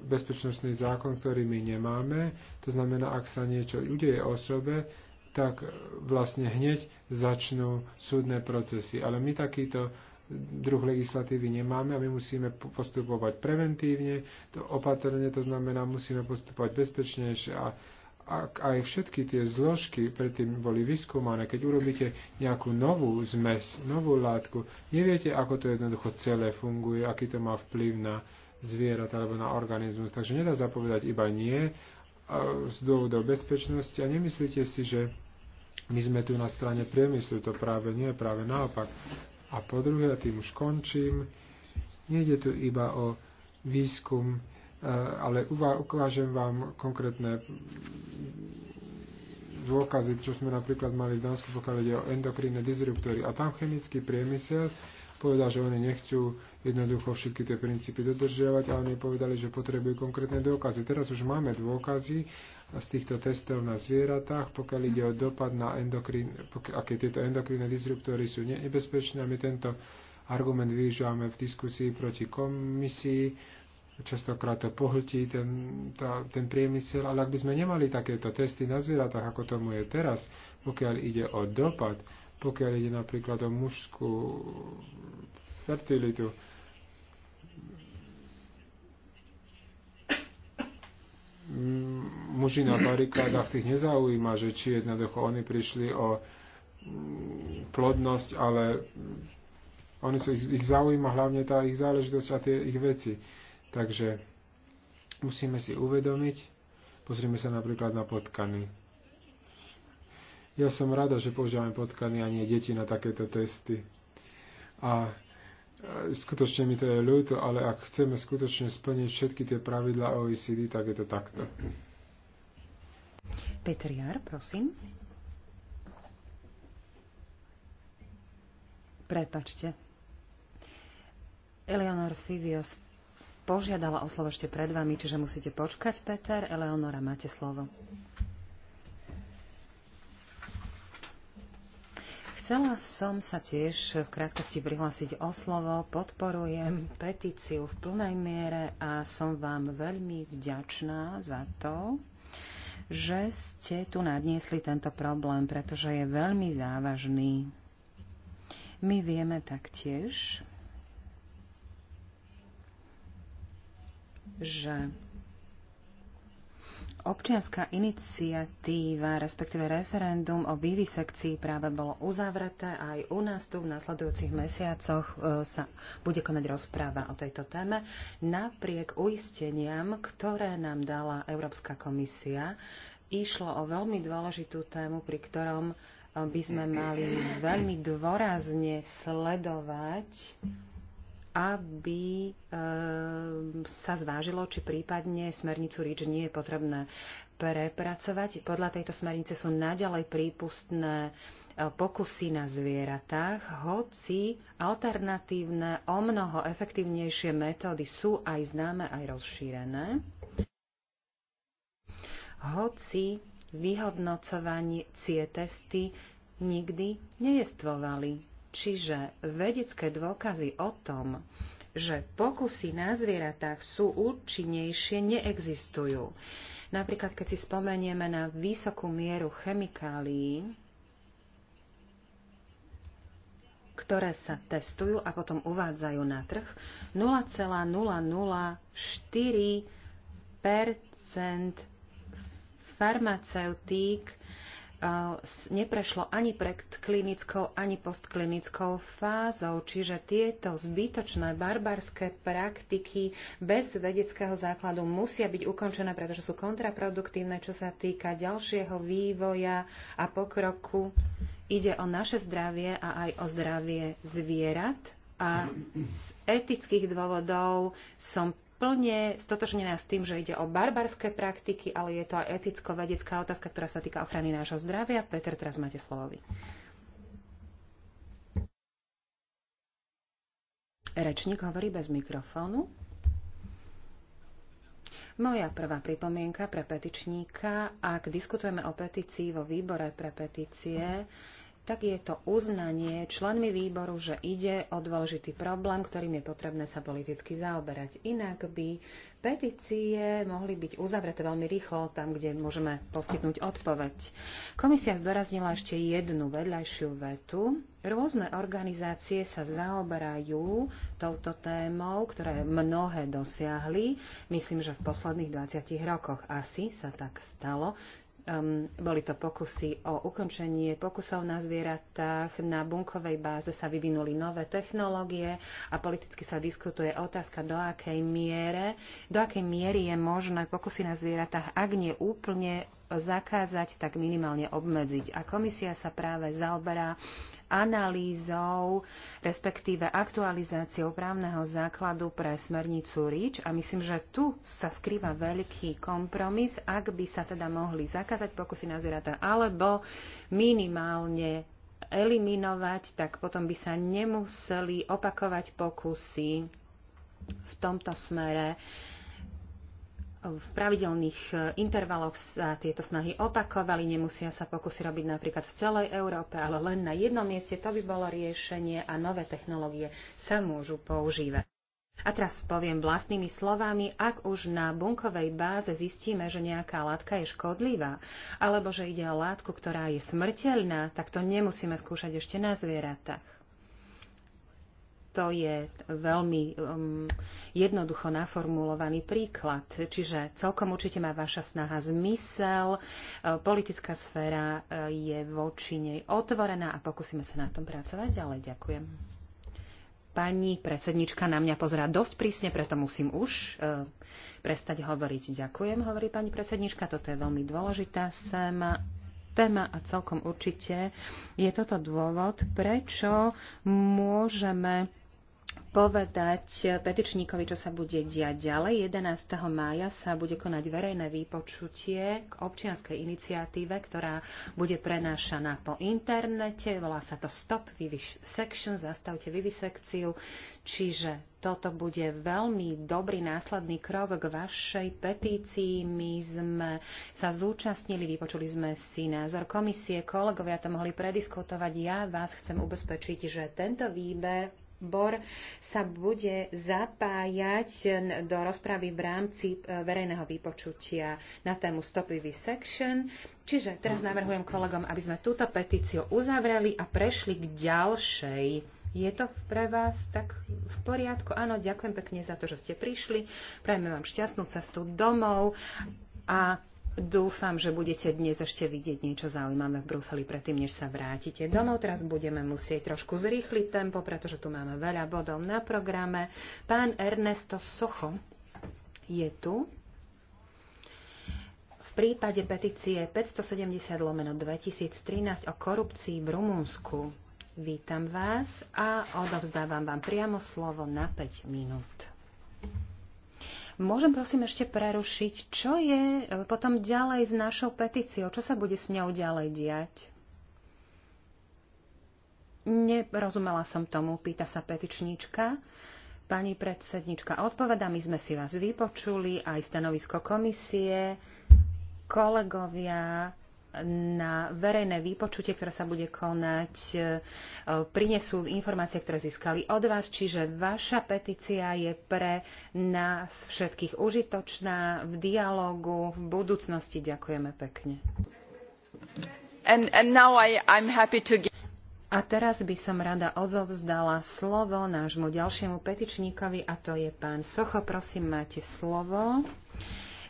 [SPEAKER 3] bezpečnostný zákon, ktorý my nemáme. To znamená, ak sa niečo udeje osobe, tak vlastne hneď začnú súdne procesy. Ale my takýto druh legislatívy nemáme a my musíme postupovať preventívne, to opatrne, to znamená, musíme postupovať bezpečnejšie a ak aj všetky tie zložky predtým boli vyskúmané, keď urobíte nejakú novú zmes, novú látku, neviete, ako to jednoducho celé funguje, aký to má vplyv na zvierat alebo na organizmus. Takže nedá sa povedať iba nie e, z dôvodov bezpečnosti a nemyslíte si, že my sme tu na strane priemyslu, to práve nie, práve naopak. A po druhé, a tým už končím, nejde tu iba o výskum, e, ale ukážem vám konkrétne dôkazy, čo sme napríklad mali v Dánsku, pokiaľ ide o endokrínne disruptory. A tam chemický priemysel povedal, že oni nechcú jednoducho všetky tie princípy dodržiavať a oni povedali, že potrebujú konkrétne dôkazy. Teraz už máme dôkazy z týchto testov na zvieratách, pokiaľ ide o dopad na endokrín, aké tieto endokrínne disruptory sú nebezpečné my tento argument využívame v diskusii proti komisii, častokrát to pohltí ten, tá, ten priemysel, ale ak by sme nemali takéto testy na zvieratách, ako tomu je teraz, pokiaľ ide o dopad pokiaľ ide napríklad o mužskú fertilitu. Muži na barikádach tých nezaujíma, že či jednoducho oni prišli o plodnosť, ale oni sú, ich, ich zaujíma hlavne tá ich záležitosť a tie ich veci. Takže musíme si uvedomiť, pozrime sa napríklad na potkany ja som rada, že používame potkany a nie deti na takéto testy. A e, skutočne mi to je ľúto, ale ak chceme skutočne splniť všetky tie pravidlá OECD, tak je to takto.
[SPEAKER 1] Petriar, prosím. Prepačte. Eleonor Fivios požiadala o slovo ešte pred vami, čiže musíte počkať, Peter. Eleonora, máte slovo. Chcela som sa tiež v krátkosti prihlásiť o slovo. Podporujem petíciu v plnej miere a som vám veľmi vďačná za to, že ste tu nadniesli tento problém, pretože je veľmi závažný. My vieme taktiež, že občianská iniciatíva, respektíve referendum o vivisekcii práve bolo uzavreté a aj u nás tu v nasledujúcich mesiacoch e, sa bude konať rozpráva o tejto téme. Napriek uisteniam, ktoré nám dala Európska komisia, išlo o veľmi dôležitú tému, pri ktorom e, by sme mali veľmi dôrazne sledovať aby ehm, sa zvážilo, či prípadne smernicu REACH nie je potrebné prepracovať. Podľa tejto smernice sú naďalej prípustné e, pokusy na zvieratách, hoci alternatívne, o mnoho efektívnejšie metódy sú aj známe, aj rozšírené. Hoci vyhodnocovanie cie testy nikdy nejestvovali. Čiže vedecké dôkazy o tom, že pokusy na zvieratách sú účinnejšie, neexistujú. Napríklad, keď si spomenieme na vysokú mieru chemikálií, ktoré sa testujú a potom uvádzajú na trh, 0,004 farmaceutík neprešlo ani pred klinickou, ani postklinickou fázou. Čiže tieto zbytočné barbarské praktiky bez vedeckého základu musia byť ukončené, pretože sú kontraproduktívne, čo sa týka ďalšieho vývoja a pokroku. Ide o naše zdravie a aj o zdravie zvierat. A z etických dôvodov som plne stotožnená s tým, že ide o barbarské praktiky, ale je to aj eticko-vedecká otázka, ktorá sa týka ochrany nášho zdravia. Peter, teraz máte slovo vy. Rečník hovorí bez mikrofónu. Moja prvá pripomienka pre petičníka, ak diskutujeme o petícii vo výbore pre petície, tak je to uznanie členmi výboru, že ide o dôležitý problém, ktorým je potrebné sa politicky zaoberať. Inak by petície mohli byť uzavreté veľmi rýchlo tam, kde môžeme poskytnúť odpoveď. Komisia zdoraznila ešte jednu vedľajšiu vetu. Rôzne organizácie sa zaoberajú touto témou, ktoré mnohé dosiahli. Myslím, že v posledných 20 rokoch asi sa tak stalo, Um, boli to pokusy o ukončenie pokusov na zvieratách. Na bunkovej báze sa vyvinuli nové technológie a politicky sa diskutuje otázka, do akej, miere, do akej miery je možné pokusy na zvieratách, ak nie úplne zakázať, tak minimálne obmedziť. A komisia sa práve zaoberá analýzou, respektíve aktualizáciou právneho základu pre smernicu REACH a myslím, že tu sa skrýva veľký kompromis, ak by sa teda mohli zakázať pokusy na zvieratá alebo minimálne eliminovať, tak potom by sa nemuseli opakovať pokusy v tomto smere v pravidelných e, intervaloch sa tieto snahy opakovali, nemusia sa pokusy robiť napríklad v celej Európe, ale len na jednom mieste to by bolo riešenie a nové technológie sa môžu používať. A teraz poviem vlastnými slovami, ak už na bunkovej báze zistíme, že nejaká látka je škodlivá, alebo že ide o látku, ktorá je smrteľná, tak to nemusíme skúšať ešte na zvieratách to je veľmi um, jednoducho naformulovaný príklad. Čiže celkom určite má vaša snaha zmysel, e, politická sféra e, je voči nej otvorená a pokúsime sa na tom pracovať ďalej. Ďakujem. Pani predsednička na mňa pozerá dosť prísne, preto musím už e, prestať hovoriť. Ďakujem, hovorí pani predsednička, toto je veľmi dôležitá téma, téma a celkom určite je toto dôvod, prečo môžeme povedať petičníkovi, čo sa bude diať ďalej. 11. mája sa bude konať verejné výpočutie k občianskej iniciatíve, ktorá bude prenášaná po internete. Volá sa to Stop Vivisection, zastavte vivisekciu. Čiže toto bude veľmi dobrý následný krok k vašej petícii. My sme sa zúčastnili, vypočuli sme si názor komisie, kolegovia to mohli prediskutovať. Ja vás chcem ubezpečiť, že tento výber Bor sa bude zapájať do rozpravy v rámci e, verejného vypočutia na tému stopivý section. Čiže teraz navrhujem kolegom, aby sme túto petíciu uzavreli a prešli k ďalšej. Je to pre vás tak v poriadku? Áno, ďakujem pekne za to, že ste prišli. Prajeme vám šťastnú cestu domov a Dúfam, že budete dnes ešte vidieť niečo zaujímavé v Bruseli predtým, než sa vrátite domov. Teraz budeme musieť trošku zrýchliť tempo, pretože tu máme veľa bodov na programe. Pán Ernesto Socho je tu. V prípade petície 570 lomeno 2013 o korupcii v Rumunsku. Vítam vás a odovzdávam vám priamo slovo na 5 minút. Môžem prosím ešte prerušiť, čo je e, potom ďalej s našou petíciou? Čo sa bude s ňou ďalej diať? Nerozumela som tomu, pýta sa petičníčka. Pani predsednička odpoveda, my sme si vás vypočuli, aj stanovisko komisie, kolegovia na verejné výpočutie, ktoré sa bude konať, e, prinesú informácie, ktoré získali od vás, čiže vaša petícia je pre nás všetkých užitočná v dialogu v budúcnosti. Ďakujeme pekne. And, and now I, I'm happy to give... A teraz by som rada ozovzdala slovo nášmu ďalšiemu petičníkovi, a to je pán Socho. Prosím, máte slovo.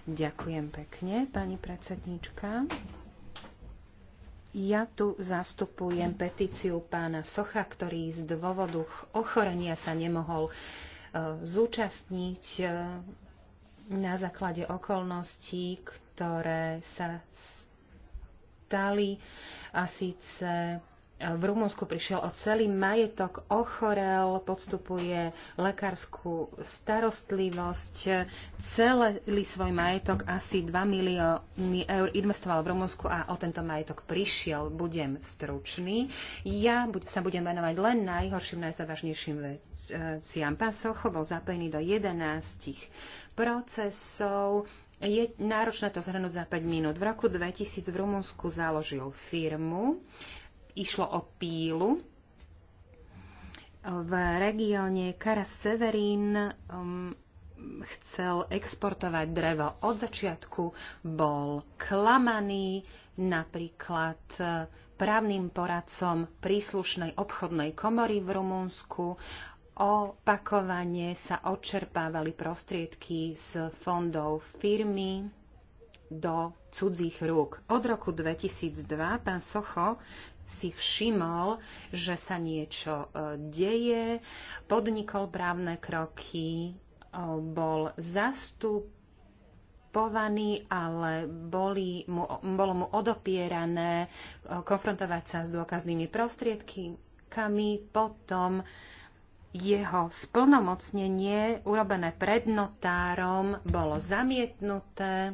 [SPEAKER 1] Ďakujem pekne, pani predsedníčka. Ja tu zastupujem petíciu pána Socha, ktorý z dôvodu ochorenia sa nemohol e, zúčastniť e, na základe okolností, ktoré sa stali a síce v Rumunsku prišiel o celý majetok, ochorel, podstupuje lekárskú starostlivosť, celý svoj majetok asi 2 milióny eur investoval v Rumunsku a o tento majetok prišiel. Budem stručný. Ja sa budem venovať len najhorším, najzávažnejším veciam. Pán Socho bol zapojený do 11 procesov, je náročné to zhrnúť za 5 minút. V roku 2000 v Rumunsku založil firmu, išlo o pílu v regióne kara Severin um, chcel exportovať drevo od začiatku, bol klamaný napríklad e, právnym poradcom príslušnej obchodnej komory v Rumunsku. Opakovane sa odčerpávali prostriedky z fondov firmy do cudzích rúk. Od roku 2002 pán Socho si všimol, že sa niečo e, deje, podnikol právne kroky, e, bol zastupovaný, ale boli mu, bolo mu odopierané e, konfrontovať sa s dôkaznými prostriedkami, potom jeho splnomocnenie urobené pred notárom bolo zamietnuté.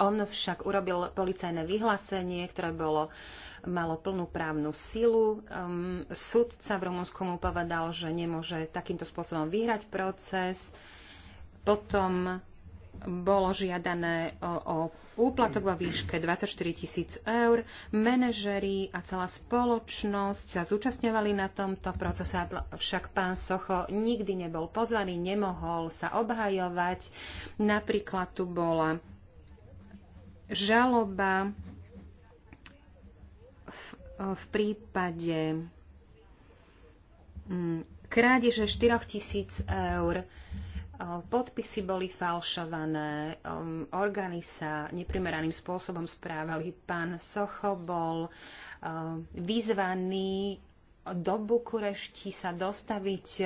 [SPEAKER 1] On však urobil policajné vyhlásenie, ktoré bolo malo plnú právnu silu. Um, Súdca v Rumunskom upovedal, povedal, že nemôže takýmto spôsobom vyhrať proces. Potom bolo žiadané o, o úplatok vo výške 24 tisíc eur. Menežeri a celá spoločnosť sa zúčastňovali na tomto procese, však pán Socho nikdy nebol pozvaný, nemohol sa obhajovať. Napríklad tu bola žaloba v prípade mm, krádeže 4 tisíc eur e, podpisy boli falšované, e, orgány sa neprimeraným spôsobom správali. Pán Socho bol e, vyzvaný do Bukurešti sa dostaviť.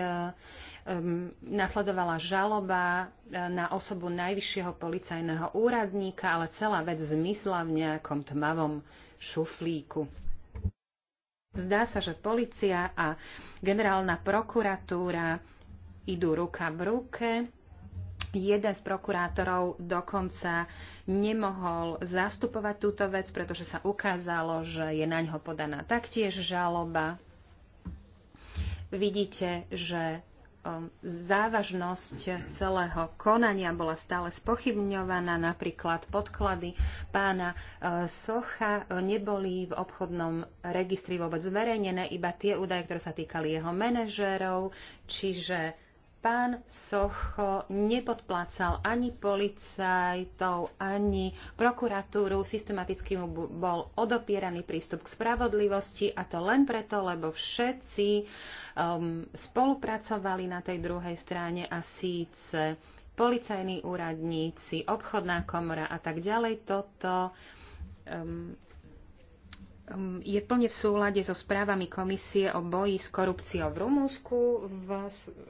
[SPEAKER 1] Nasledovala žaloba na osobu najvyššieho policajného úradníka, ale celá vec zmizla v nejakom tmavom šuflíku. Zdá sa, že policia a generálna prokuratúra idú ruka v ruke. Jeden z prokurátorov dokonca nemohol zastupovať túto vec, pretože sa ukázalo, že je na ňo podaná taktiež žaloba. Vidíte, že závažnosť celého konania bola stále spochybňovaná, napríklad podklady pána e, Socha e, neboli v obchodnom registri vôbec zverejnené, iba tie údaje, ktoré sa týkali jeho manažérov, čiže pán Socho nepodplácal ani policajtov, ani prokuratúru, systematicky mu bol odopieraný prístup k spravodlivosti a to len preto, lebo všetci um, spolupracovali na tej druhej strane a síce policajní úradníci, obchodná komora a tak ďalej. Toto um, je plne v súlade so správami komisie o boji s korupciou v Rumúnsku. V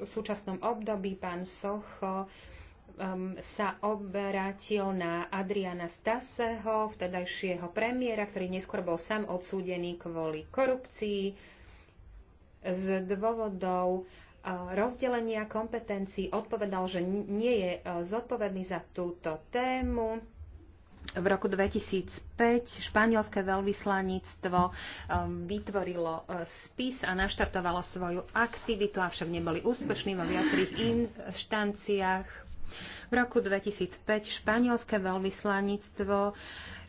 [SPEAKER 1] súčasnom období pán Socho um, sa obrátil na Adriana Staseho, vtedajšieho premiéra, ktorý neskôr bol sám odsúdený kvôli korupcii z dôvodov uh, rozdelenia kompetencií odpovedal, že nie je uh, zodpovedný za túto tému v roku 2005 španielské veľvyslanictvo um, vytvorilo uh, spis a naštartovalo svoju aktivitu, avšak neboli úspešní vo viacerých inštanciách. V roku 2005 španielské veľvyslanictvo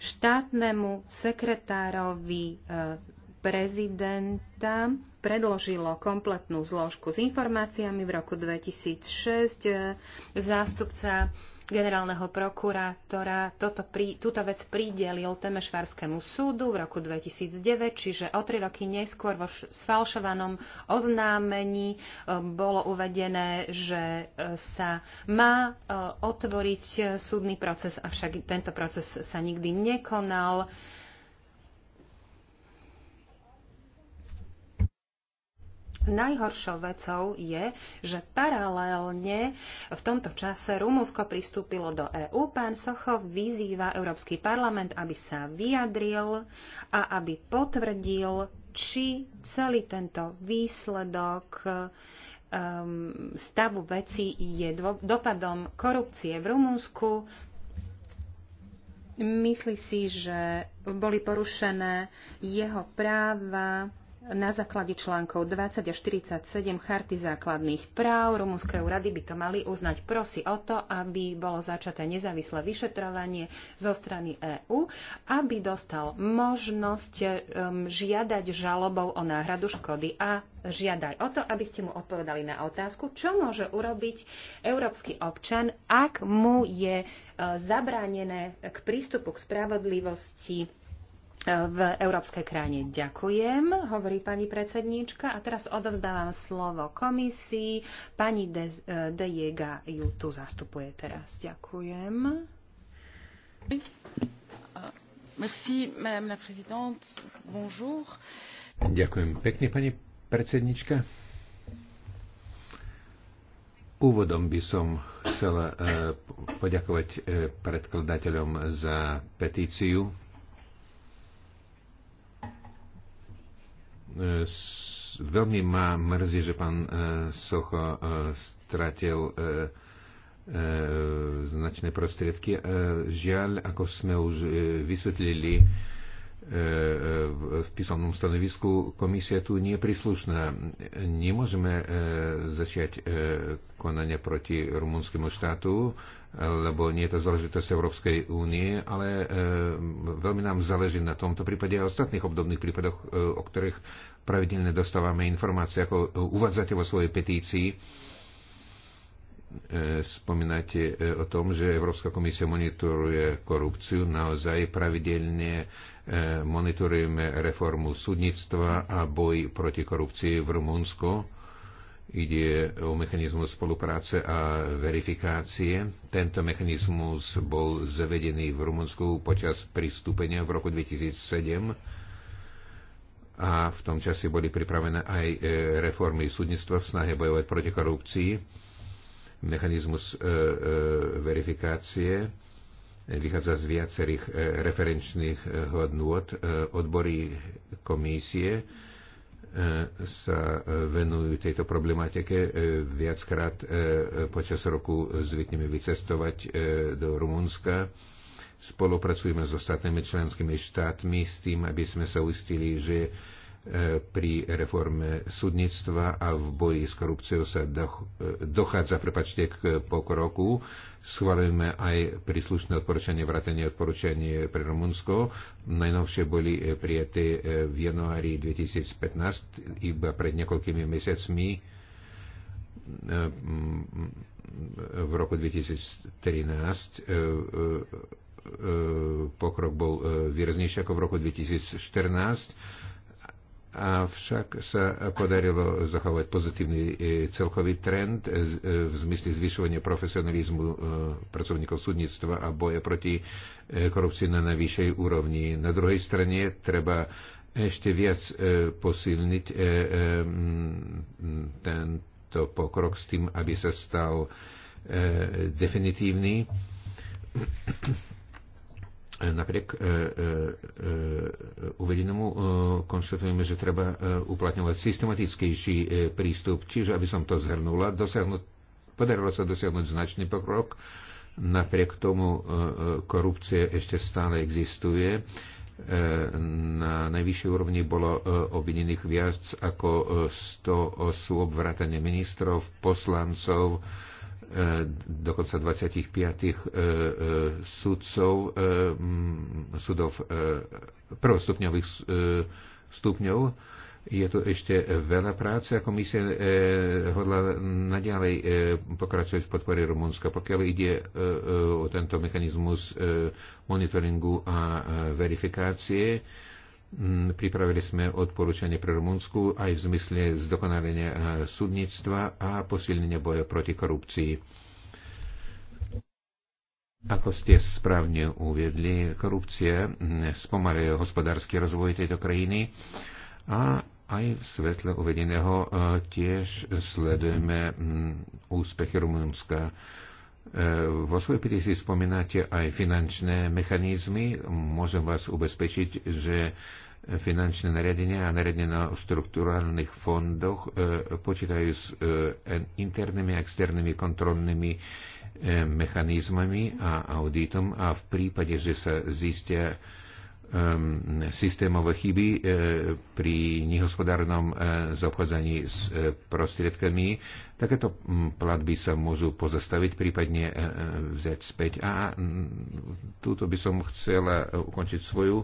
[SPEAKER 1] štátnemu sekretárovi uh, prezidenta predložilo kompletnú zložku s informáciami v roku 2006. Zástupca generálneho prokurátora toto pri, túto vec pridelil Temešvárskému súdu v roku 2009, čiže o tri roky neskôr vo sfalšovanom oznámení e, bolo uvedené, že e, sa má e, otvoriť súdny proces, avšak tento proces sa nikdy nekonal. najhoršou vecou je, že paralelne v tomto čase Rumúnsko pristúpilo do EÚ. Pán Sochov vyzýva Európsky parlament, aby sa vyjadril a aby potvrdil, či celý tento výsledok um, stavu veci je dvo- dopadom korupcie v Rumúnsku. Myslí si, že boli porušené jeho práva na základe článkov 20 a 47 Charty základných práv Rumunskej rady by to mali uznať. Prosí o to, aby bolo začaté nezávislé vyšetrovanie zo strany EÚ, aby dostal možnosť um, žiadať žalobou o náhradu škody a žiadaj o to, aby ste mu odpovedali na otázku, čo môže urobiť európsky občan, ak mu je uh, zabránené k prístupu k spravodlivosti v európskej krajine. Ďakujem, hovorí pani predsedníčka. A teraz odovzdávam slovo komisii. Pani Dejega De eh, ju tu zastupuje teraz. Ďakujem. Merci, madame la présidente. Bonjour.
[SPEAKER 2] Ďakujem pekne, pani predsednička. Úvodom by som chcela eh, poďakovať eh, predkladateľom za petíciu E, veľmi ma mrzí, že pán e, Socho e, stratil značné prostriedky. Žiaľ, ako sme už vysvetlili, v písomnom stanovisku komisia tu nie je príslušná. Nemôžeme e, začať e, konania proti rumunskému štátu, lebo nie je to záležitosť Európskej únie, ale e, veľmi nám záleží na tomto prípade a ostatných obdobných prípadoch, o ktorých pravidelne dostávame informácie, ako uvádzate vo svojej petícii spomínate o tom, že Európska komisia monitoruje korupciu naozaj pravidelne monitorujeme reformu súdnictva a boj proti korupcii v Rumunsku. Ide o mechanizmus spolupráce a verifikácie. Tento mechanizmus bol zavedený v Rumunsku počas pristúpenia v roku 2007 a v tom čase boli pripravené aj e, reformy súdnictva v snahe bojovať proti korupcii, mechanizmus e, e, verifikácie vychádza z viacerých e, referenčných e, hodnôt. E, odbory komisie sa venujú tejto problematike. Viackrát počas roku zvykneme vycestovať do Rumunska. Spolupracujeme s ostatnými členskými štátmi s tým, aby sme sa uistili, že E, pri reforme súdnictva a v boji s korupciou sa e, dochádza prepačte, k pokroku. Schvalujeme aj príslušné odporúčanie, vrátanie odporúčanie pre Rumunsko. Najnovšie boli e, prijaté v januári 2015, iba pred niekoľkými mesiacmi v roku 2013 pokrok bol výraznejší ako v roku 2014 Avšak sa podarilo zachovať pozitívny e, celkový trend e, v zmysle zvyšovania profesionalizmu e, pracovníkov súdnictva a boja proti korupcii na najvyššej úrovni. Na druhej strane treba ešte viac posilniť tento pokrok s tým, aby sa stal definitívny E, napriek e, e, uvedenému konštatujeme, že treba uplatňovať systematickejší prístup, čiže aby som to zhrnula, dosiahnuť, podarilo sa dosiahnuť značný pokrok, napriek tomu korupcia ešte stále existuje. Na najvyššej úrovni bolo obvinených viac ako 100 osôb, vrátane ministrov, poslancov, E, dokonca 25 e, e, sudcov, sudov prvostupňových stupňov. Je tu ešte veľa práce a komisia hodla naďalej pokračovať v podpore Rumunska. Pokiaľ ide o tento mechanizmus monitoringu a verifikácie, Mm, pripravili sme odporúčanie pre Rumunsku aj v zmysle zdokonalenia eh, súdnictva a posilnenia boja proti korupcii. Ako ste správne uviedli, korupcia mm, spomaluje hospodársky rozvoj tejto krajiny a aj v svetle uvedeného eh, tiež sledujeme mm, úspechy Rumunska E, vo svojej petícii spomínate aj finančné mechanizmy. Môžem vás ubezpečiť, že finančné nariadenia a nariadenia na štruktúrálnych fondoch e, počítajú s e, internými a externými kontrolnými mechanizmami a auditom a v prípade, že sa zistia Ehm, systémové chyby eh, pri nehospodárnom eh, zobchádzaní s eh, prostriedkami. Takéto hm, platby sa môžu pozastaviť, prípadne vziať späť. A hm, túto by som chcela ukončiť svoju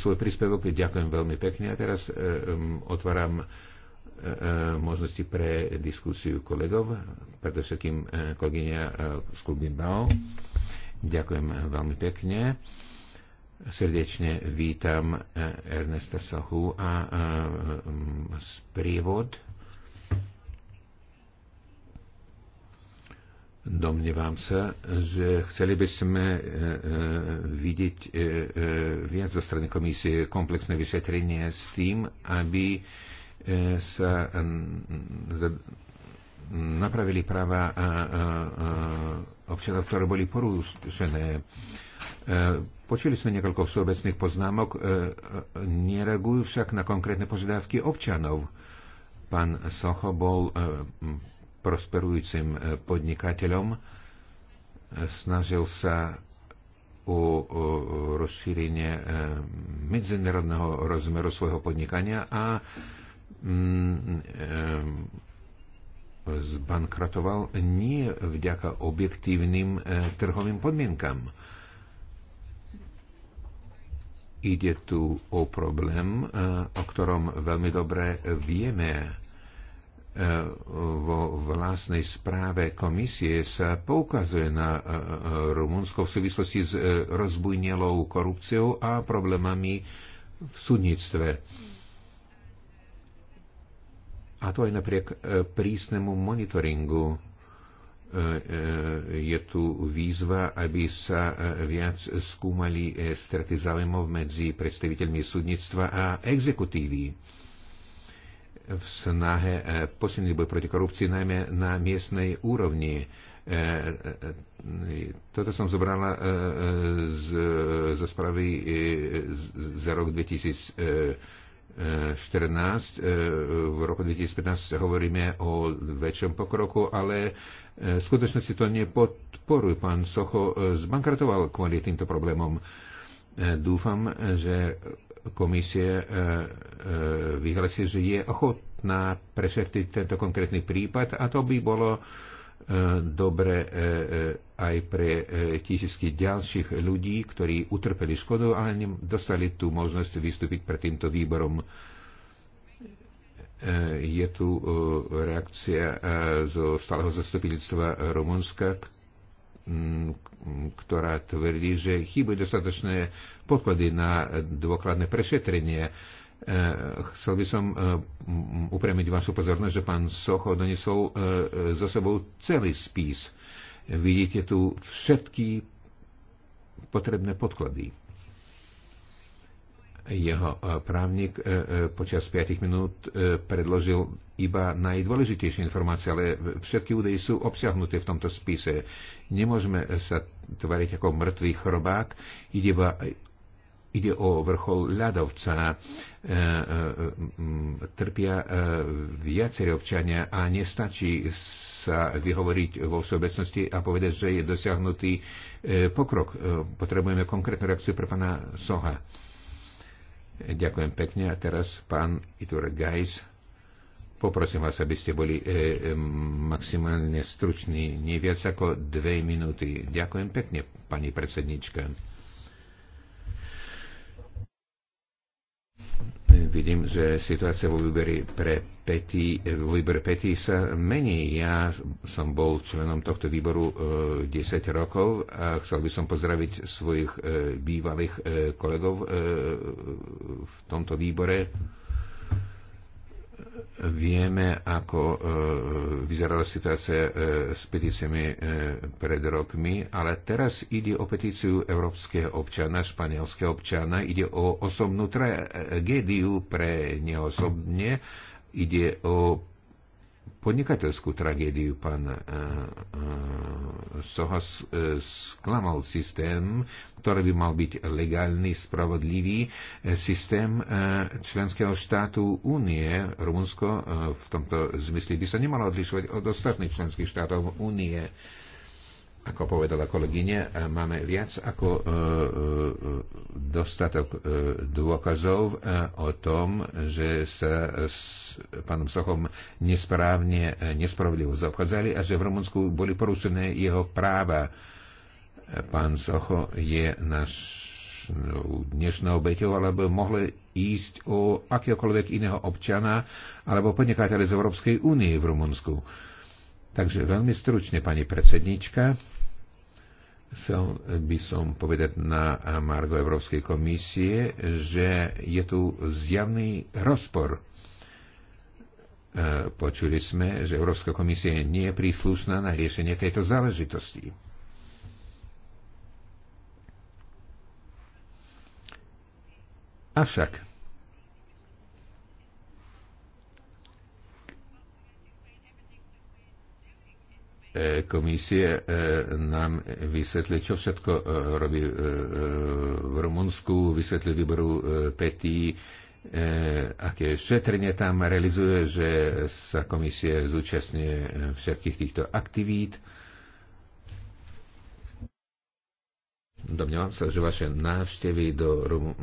[SPEAKER 2] svoj príspevok. Ďakujem veľmi pekne a teraz hm, otváram možnosti pre diskusiu kolegov, predovšetkým kolegyňa Sklubin Bao. Ďakujem veľmi pekne. Srdečne vítam eh, Ernesta Sahu a eh, mm, sprievod. Domnievam sa, že chceli by sme eh, vidieť viac zo strany komisie komplexné vyšetrenie s tým, aby sa mm, napravili práva občanov, ktoré boli porušené E, počuli sme niekoľko všeobecných poznámok, e, e, nereagujú však na konkrétne požiadavky občanov. Pán Socho bol prosperujúcim podnikateľom, snažil sa o rozšírenie medzinárodného rozmeru svojho podnikania a zbankratoval nie vďaka objektívnym trhovým podmienkam. Ide tu o problém, e, o ktorom veľmi dobre vieme. E, vo vlastnej správe komisie sa poukazuje na e, Rumunsko v súvislosti s rozbujnelou korupciou a problémami v súdnictve. A to aj napriek prísnemu monitoringu E, e, je tu výzva, aby sa e, viac skúmali straty záujmov medzi predstaviteľmi súdnictva a exekutívy v snahe posilniť boj proti korupcii, najmä na miestnej úrovni. Toto som zobrala zo správy za rok 2000 14. E, v roku 2015 hovoríme o väčšom pokroku, ale e, v skutočnosti to nepodporuje. Pán Socho e, zbankratoval kvôli týmto problémom. Dúfam, že komisie vyhlasí, že je ochotná prešetriť tento konkrétny prípad a to by bolo dobre e, e, aj pre e, tisícky ďalších ľudí, ktorí utrpeli škodu, ale dostali tú možnosť vystúpiť pred týmto výborom. Je tu reakcia zo stáleho zastupiteľstva Rumunska, ktorá tvrdí, že chýbajú dostatočné podklady na dôkladné prešetrenie Eh, chcel by som eh, upremiť vašu pozornosť, že pán Socho donesol so eh, sebou celý spis. Vidíte tu všetky potrebné podklady. Jeho právnik počas 5 minút predložil iba najdôležitejšie informácie, ale všetky údaje sú obsiahnuté v tomto spise. Nemôžeme sa tvariť ako mŕtvý chrobák, ide iba ide o vrchol ľadovca. E, e, trpia e, viacerí občania a nestačí sa vyhovoriť vo všeobecnosti a povedať, že je dosiahnutý pokrok. Potrebujeme konkrétnu reakciu pre pána Soha. Ďakujem pekne. A teraz pán Itur Gajs. Poprosím vás, aby ste boli e, maximálne struční, nie viac ako dve minúty. Ďakujem pekne, pani predsednička. vidím, že situácia vo výbere pre Peti, výbere Peti sa mení. Ja som bol členom tohto výboru e, 10 rokov a chcel by som pozdraviť svojich e, bývalých e, kolegov e, v tomto výbore vieme, ako e, vyzerala situácia e, s petíciami e, pred rokmi, ale teraz ide o petíciu európskeho občana, španielského občana, ide o osobnú tragédiu pre neosobne, ide o podnikateľskú tragédiu. Pán uh, uh, Sohas uh, sklamal systém, ktorý by mal byť legálny, spravodlivý, systém uh, členského štátu únie. Rumunsko uh, v tomto zmysle by sa nemalo odlišovať od ostatných členských štátov únie. Uh, ako povedala kolegyne, máme viac ako e, e, dostatok e, dôkazov o tom, že sa s pánom Sochom nesprávne, nespravodlivo zaobchádzali a že v Rumunsku boli porušené jeho práva. Pán Socho je náš dnešnou obeťou, alebo mohli ísť o akéhokoľvek iného občana alebo podnikateľa z Európskej únie v Rumunsku. Takže veľmi stručne, pani predsednička. Chcel by som povedať na Margo Európskej komisie, že je tu zjavný rozpor. E, počuli sme, že Európska komisia nie je príslušná na riešenie tejto záležitosti. Avšak E, komisie e, nám vysvetli, čo všetko e, robí v Rumunsku, vysvetli výboru petí, aké šetrenie tam realizuje, že sa komisie zúčastňuje všetkých týchto aktivít. Domňujem sa, že vaše návštevy do Rum-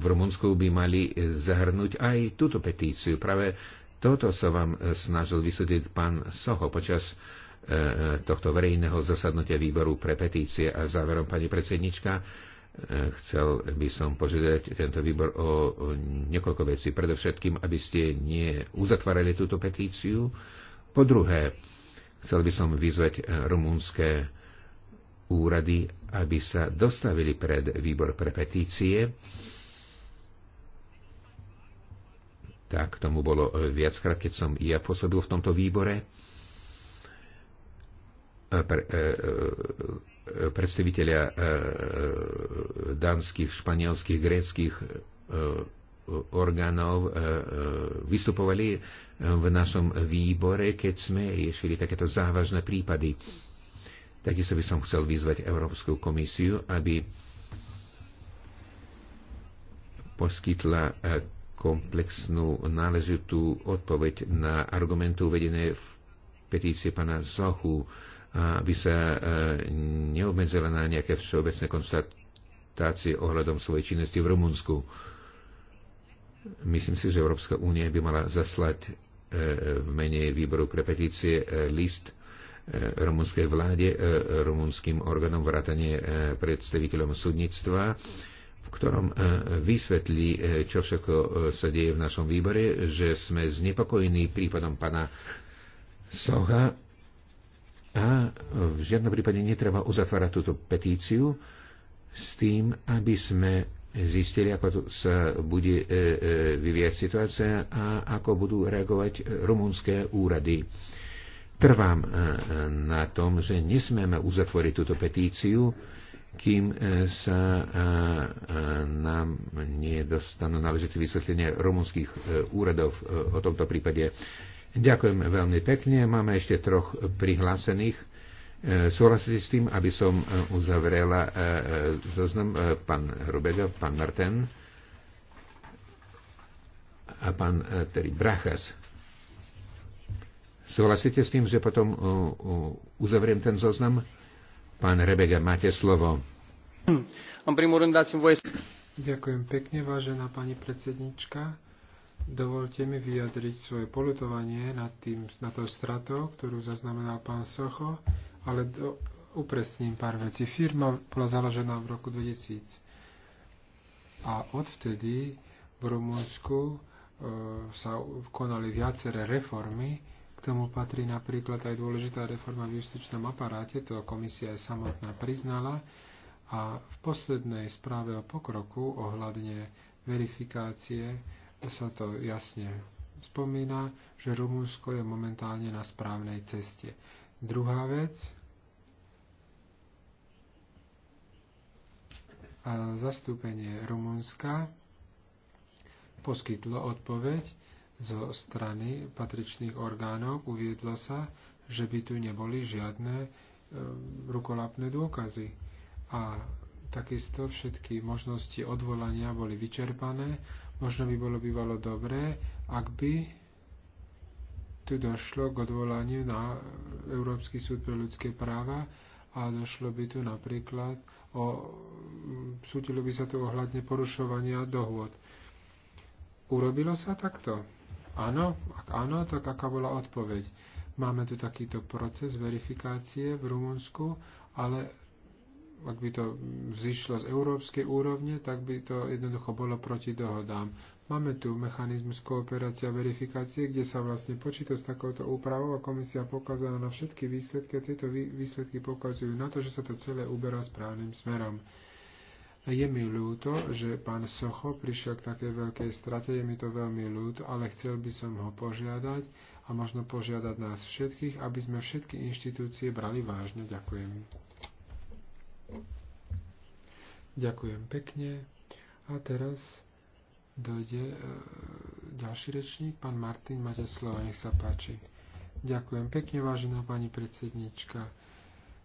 [SPEAKER 2] v Rumunsku by mali zahrnúť aj túto petíciu. Práve toto sa vám snažil vysvetliť pán Soho počas uh, E, e, tohto verejného zasadnutia výboru pre petície. A záverom, pani predsednička, e, chcel by som požiadať tento výbor o niekoľko vecí. Predovšetkým, aby ste uzatvárali túto petíciu. Po druhé, chcel by som vyzvať rumúnske úrady, aby sa dostavili pred výbor pre petície. Tak tomu bolo viackrát, keď som ja pôsobil v tomto výbore pre, e, e, danských, e, španielských, gréckých orgánov vystupovali v našom výbore, keď sme riešili takéto závažné prípady. Takisto by som chcel vyzvať Európsku komisiu, aby poskytla komplexnú náležitú odpoveď na argumenty uvedené v petícii pana Zohu aby sa e, neobmedzila na nejaké všeobecné konstatácie ohľadom svojej činnosti v Rumunsku. Myslím si, že Európska únia by mala zaslať e, v mene výboru pre petície e, list rumunskej vláde, rumunským orgánom vrátane predstaviteľom súdnictva, v ktorom vysvetlí, čo všetko sa deje v našom výbore, že sme znepokojení prípadom pana Soha a v žiadnom prípade netreba uzatvárať túto petíciu s tým, aby sme zistili, ako sa bude e, e, vyvíjať situácia a ako budú reagovať rumunské úrady. Trvám e, na tom, že nesmieme uzatvoriť túto petíciu, kým sa nám nedostanú náležité vysvetlenie rumunských úradov o tomto prípade Ďakujeme veľmi pekne. Máme ešte troch prihlásených. E, súhlasíte s tým, aby som e, uzavrela e, zoznam pán Rubega, pán Marten a pán tedy Brachas. Súhlasíte s tým, že potom uzavriem ten zoznam? Pán Rebega, máte slovo.
[SPEAKER 3] Ďakujem pekne, vážená pani predsednička. Dovolte mi vyjadriť svoje polutovanie nad, tým, na to stratou, ktorú zaznamenal pán Socho, ale do, upresním pár vecí. Firma bola založená v roku 2000 a odvtedy v Rumunsku e, sa konali viaceré reformy. K tomu patrí napríklad aj dôležitá reforma v justičnom aparáte, to komisia aj samotná priznala. A v poslednej správe o pokroku ohľadne verifikácie sa to jasne spomína, že Rumunsko je momentálne na správnej ceste. Druhá vec, a zastúpenie Rumunska poskytlo odpoveď zo strany patričných orgánov. Uviedlo sa, že by tu neboli žiadne e, rukolapné dôkazy. A takisto všetky možnosti odvolania boli vyčerpané Možno by bolo bývalo dobré, ak by tu došlo k odvolaniu na Európsky súd pre ľudské práva a došlo by tu napríklad o, súdilo by sa tu ohľadne porušovania dohôd. Urobilo sa takto? Áno? Ak áno, tak aká bola odpoveď? Máme tu takýto proces verifikácie v Rumunsku, ale ak by to zišlo z európskej úrovne, tak by to jednoducho bolo proti dohodám. Máme tu mechanizmus kooperácia a verifikácie, kde sa vlastne počíta s takouto úpravou a komisia pokázala na všetky výsledky a tieto výsledky pokazujú na to, že sa to celé uberá správnym smerom. Je mi ľúto, že pán Socho prišiel k takej veľkej strate, je mi to veľmi ľúto, ale chcel by som ho požiadať a možno požiadať nás všetkých, aby sme všetky inštitúcie brali vážne. Ďakujem. Ďakujem pekne. A teraz dojde e, ďalší rečník, pán Martin, máte slovo, nech sa páči. Ďakujem pekne, vážená pani predsednička.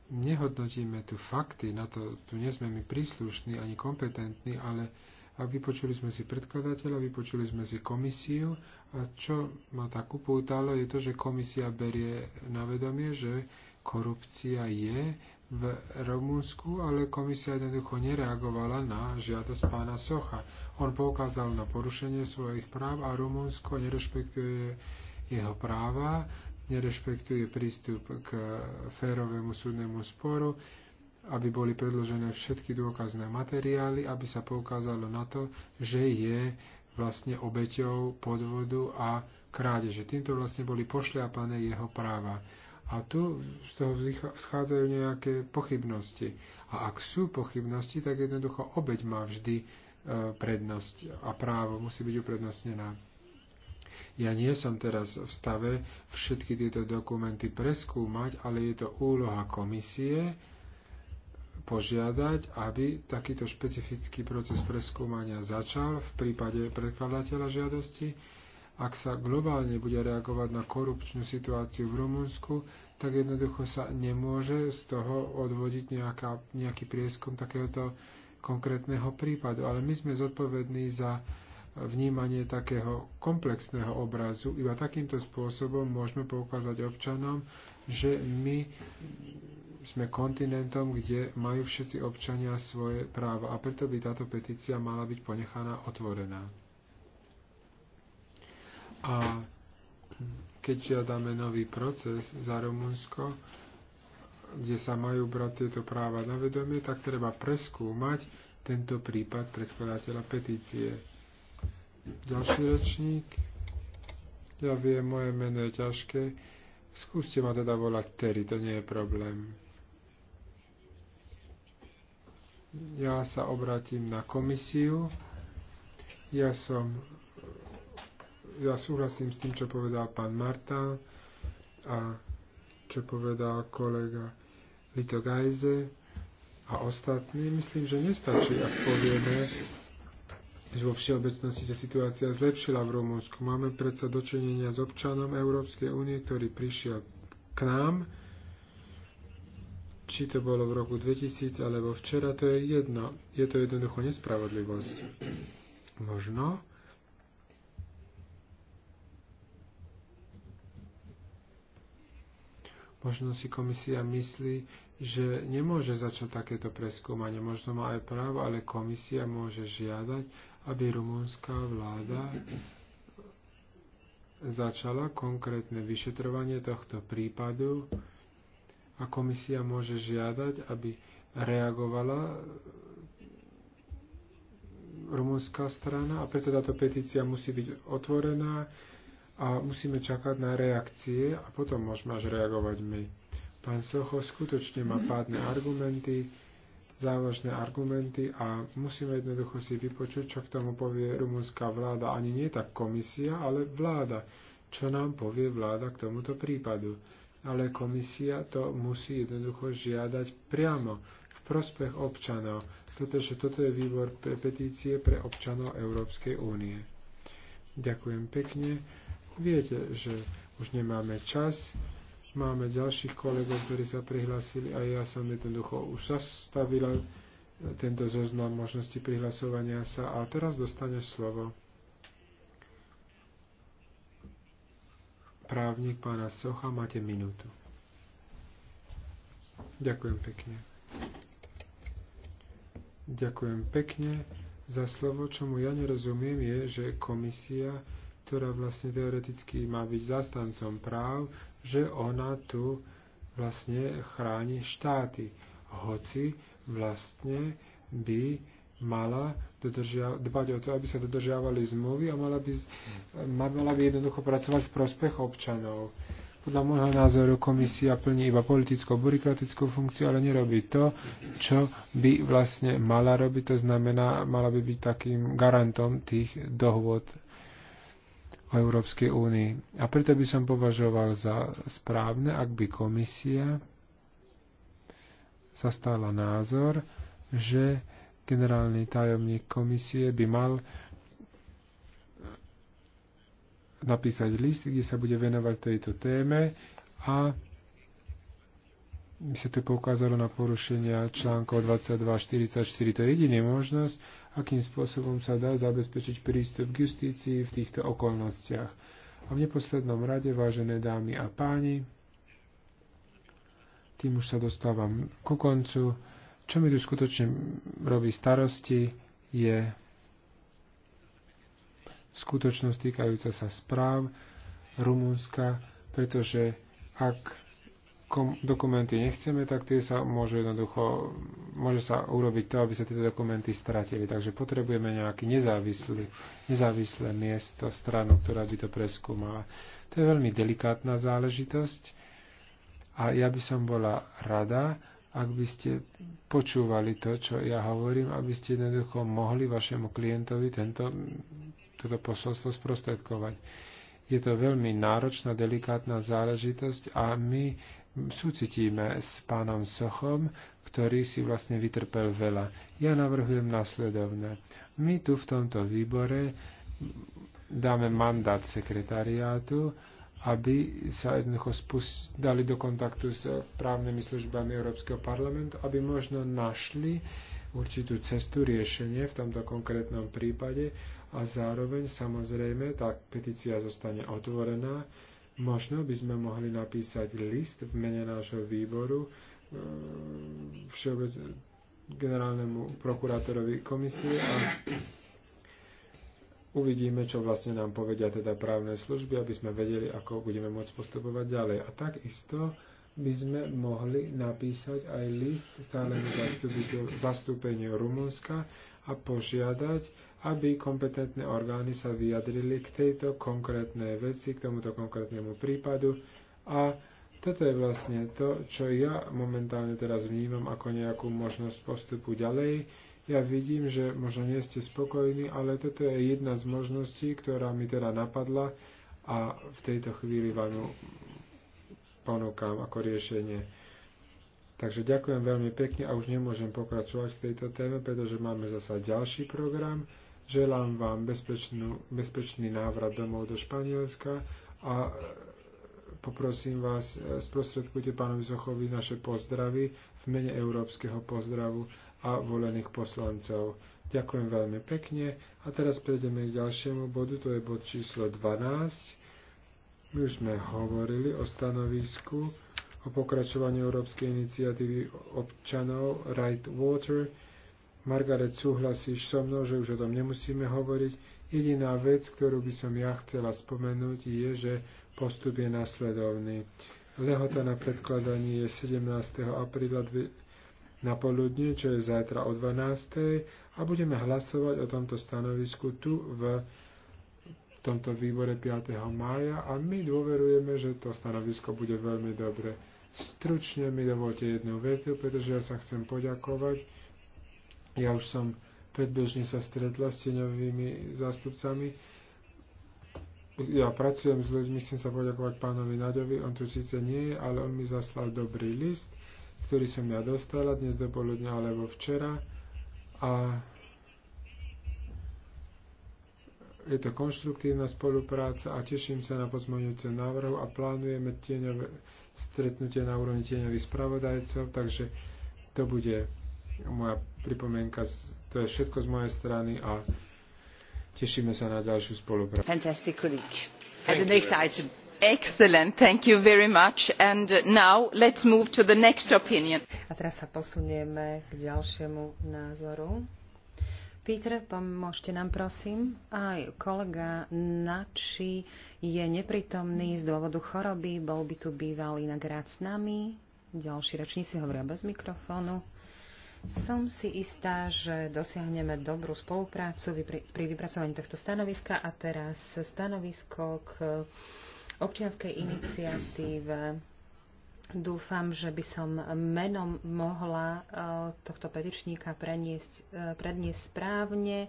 [SPEAKER 3] Nehodnotíme tu fakty, na to tu nie sme my príslušní ani kompetentní, ale a vypočuli sme si predkladateľa, vypočuli sme si komisiu a čo ma tak upútalo je to, že komisia berie na vedomie, že korupcia je v Rumunsku, ale komisia jednoducho nereagovala na žiadosť pána Socha. On poukázal na porušenie svojich práv a Rumunsko nerešpektuje jeho práva, nerešpektuje prístup k férovému súdnemu sporu, aby boli predložené všetky dôkazné materiály, aby sa poukázalo na to, že je vlastne obeťou podvodu a krádeže. Týmto vlastne boli pošliapané jeho práva. A tu z toho schádzajú nejaké pochybnosti. A ak sú pochybnosti, tak jednoducho obeď má vždy e, prednosť a právo musí byť uprednostnená. Ja nie som teraz v stave všetky tieto dokumenty preskúmať, ale je to úloha komisie požiadať, aby takýto špecifický proces preskúmania začal v prípade predkladateľa žiadosti ak sa globálne bude reagovať na korupčnú situáciu v Rumunsku, tak jednoducho sa nemôže z toho odvodiť nejaká, nejaký prieskum takéhoto konkrétneho prípadu. Ale my sme zodpovední za vnímanie takého komplexného obrazu. Iba takýmto spôsobom môžeme poukázať občanom, že my sme kontinentom, kde majú všetci občania svoje práva a preto by táto petícia mala byť ponechaná otvorená. A keď žiadame nový proces za Rumunsko, kde sa majú brať tieto práva na vedomie, tak treba preskúmať tento prípad predkladateľa petície. Ďalší rečník. Ja viem, moje meno je ťažké. Skúste ma teda volať Terry, to nie je problém. Ja sa obratím na komisiu. Ja som ja súhlasím s tým, čo povedal pán Marta a čo povedal kolega Lito Gajze a ostatní. Myslím, že nestačí, ak povieme, že vo všeobecnosti sa situácia zlepšila v Rumunsku. Máme predsa dočinenia s občanom Európskej únie, ktorý prišiel k nám, či to bolo v roku 2000 alebo včera, to je jedno. Je to jednoducho nespravodlivosť. Možno Možno si komisia myslí, že nemôže začať takéto preskúmanie. Možno má aj právo, ale komisia môže žiadať, aby rumúnska vláda začala konkrétne vyšetrovanie tohto prípadu a komisia môže žiadať, aby reagovala rumúnska strana a preto táto petícia musí byť otvorená a musíme čakať na reakcie a potom môžeme až reagovať my. Pán Socho skutočne má pádne argumenty, závažné argumenty a musíme jednoducho si vypočuť, čo k tomu povie rumunská vláda. Ani nie tak komisia, ale vláda. Čo nám povie vláda k tomuto prípadu. Ale komisia to musí jednoducho žiadať priamo, v prospech občanov, pretože toto je výbor pre petície pre občanov Európskej únie. Ďakujem pekne. Viete, že už nemáme čas, máme ďalších kolegov, ktorí sa prihlásili a ja som jednoducho už zastavila tento zoznam možnosti prihlasovania sa a teraz dostaneš slovo. Právnik pána Socha, máte minútu. Ďakujem pekne. Ďakujem pekne za slovo, čomu ja nerozumiem je, že komisia ktorá vlastne teoreticky má byť zastancom práv, že ona tu vlastne chráni štáty, hoci vlastne by mala dodržia- dbať o to, aby sa dodržiavali zmluvy a mala by, mala by jednoducho pracovať v prospech občanov. Podľa môjho názoru komisia plní iba politicko burikratickú funkciu, ale nerobí to, čo by vlastne mala robiť. To znamená, mala by byť takým garantom tých dohôd o Európskej únii. A preto by som považoval za správne, ak by komisia stala názor, že generálny tajomník komisie by mal napísať list, kde sa bude venovať tejto téme a by sa tu poukázalo na porušenia článkov 22 44. To je jediná možnosť, akým spôsobom sa dá zabezpečiť prístup k justícii v týchto okolnostiach. A v neposlednom rade, vážené dámy a páni, tým už sa dostávam ku koncu. Čo mi tu skutočne robí starosti, je skutočnosť týkajúca sa správ Rumunska, pretože ak kom, dokumenty nechceme, tak tie sa môže jednoducho, môže sa urobiť to, aby sa tieto dokumenty stratili. Takže potrebujeme nejaké nezávislé miesto, stranu, ktorá by to preskúmala. To je veľmi delikátna záležitosť a ja by som bola rada, ak by ste počúvali to, čo ja hovorím, aby ste jednoducho mohli vašemu klientovi tento, toto posolstvo sprostredkovať je to veľmi náročná, delikátna záležitosť a my súcitíme s pánom Sochom, ktorý si vlastne vytrpel veľa. Ja navrhujem následovné. My tu v tomto výbore dáme mandát sekretariátu, aby sa jednoducho dali do kontaktu s právnymi službami Európskeho parlamentu, aby možno našli určitú cestu riešenie v tomto konkrétnom prípade a zároveň samozrejme tá petícia zostane otvorená Možno by sme mohli napísať list v mene nášho výboru eh, všeobec generálnemu prokurátorovi komisie a uvidíme, čo vlastne nám povedia teda právne služby, aby sme vedeli, ako budeme môcť postupovať ďalej. A takisto by sme mohli napísať aj list stálemu zastúpeniu Rumunska a požiadať, aby kompetentné orgány sa vyjadrili k tejto konkrétnej veci, k tomuto konkrétnemu prípadu. A toto je vlastne to, čo ja momentálne teraz vnímam ako nejakú možnosť postupu ďalej. Ja vidím, že možno nie ste spokojní, ale toto je jedna z možností, ktorá mi teda napadla a v tejto chvíli vám ju ponúkam ako riešenie. Takže ďakujem veľmi pekne a už nemôžem pokračovať v tejto téme, pretože máme zasa ďalší program. Želám vám bezpečnú, bezpečný návrat domov do Španielska a poprosím vás, sprostredkujte pánovi Zochovi naše pozdravy v mene európskeho pozdravu a volených poslancov. Ďakujem veľmi pekne a teraz prejdeme k ďalšiemu bodu, to je bod číslo 12 my už sme hovorili o stanovisku o pokračovaní Európskej iniciatívy občanov Right Water. Margaret, súhlasíš so mnou, že už o tom nemusíme hovoriť. Jediná vec, ktorú by som ja chcela spomenúť, je, že postup je nasledovný. Lehota na predkladanie je 17. apríla na poludne, čo je zajtra o 12. a budeme hlasovať o tomto stanovisku tu v tomto výbore 5. mája a my dôverujeme, že to stanovisko bude veľmi dobre. Stručne mi dovolte jednu vetu, pretože ja sa chcem poďakovať. Ja už som predbežne sa stretla s tieňovými zástupcami. Ja pracujem s ľuďmi, chcem sa poďakovať pánovi Naďovi, on tu síce nie je, ale on mi zaslal dobrý list, ktorý som ja dostala dnes do poludňa alebo včera. A je to konštruktívna spolupráca a teším sa na pozmeňujúce návrhu a plánujeme tieňové stretnutie na úrovni tieňových spravodajcov, takže to bude moja pripomienka, to je všetko z mojej strany a tešíme sa na ďalšiu spoluprácu.
[SPEAKER 1] Fantastic colleague. At the next item. Excellent, thank you very much. And uh, now let's move to the next opinion. A teraz sa posunieme k ďalšiemu názoru. Peter, pomôžte nám prosím. Aj kolega Nači je neprítomný z dôvodu choroby, bol by tu býval inak rád s nami. Ďalší rečníci hovoria bez mikrofónu. Som si istá, že dosiahneme dobrú spoluprácu pri vypracovaní tohto stanoviska a teraz stanovisko k občianskej iniciatíve Dúfam, že by som menom mohla e, tohto petičníka preniesť, e, predniesť správne.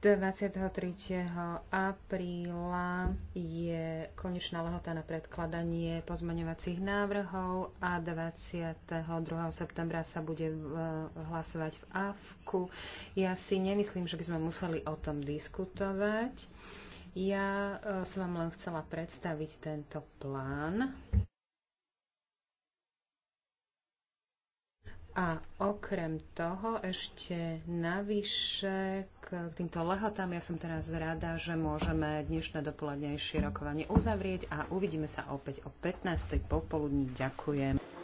[SPEAKER 1] 23. apríla je konečná lehota na predkladanie pozmaňovacích návrhov a 22. septembra sa bude e, hlasovať v AFKu. Ja si nemyslím, že by sme museli o tom diskutovať. Ja som vám len chcela predstaviť tento plán. A okrem toho ešte navyše k týmto lehotám, ja som teraz rada, že môžeme dnešné dopolednejšie rokovanie uzavrieť a uvidíme sa opäť o 15. popoludní. Ďakujem.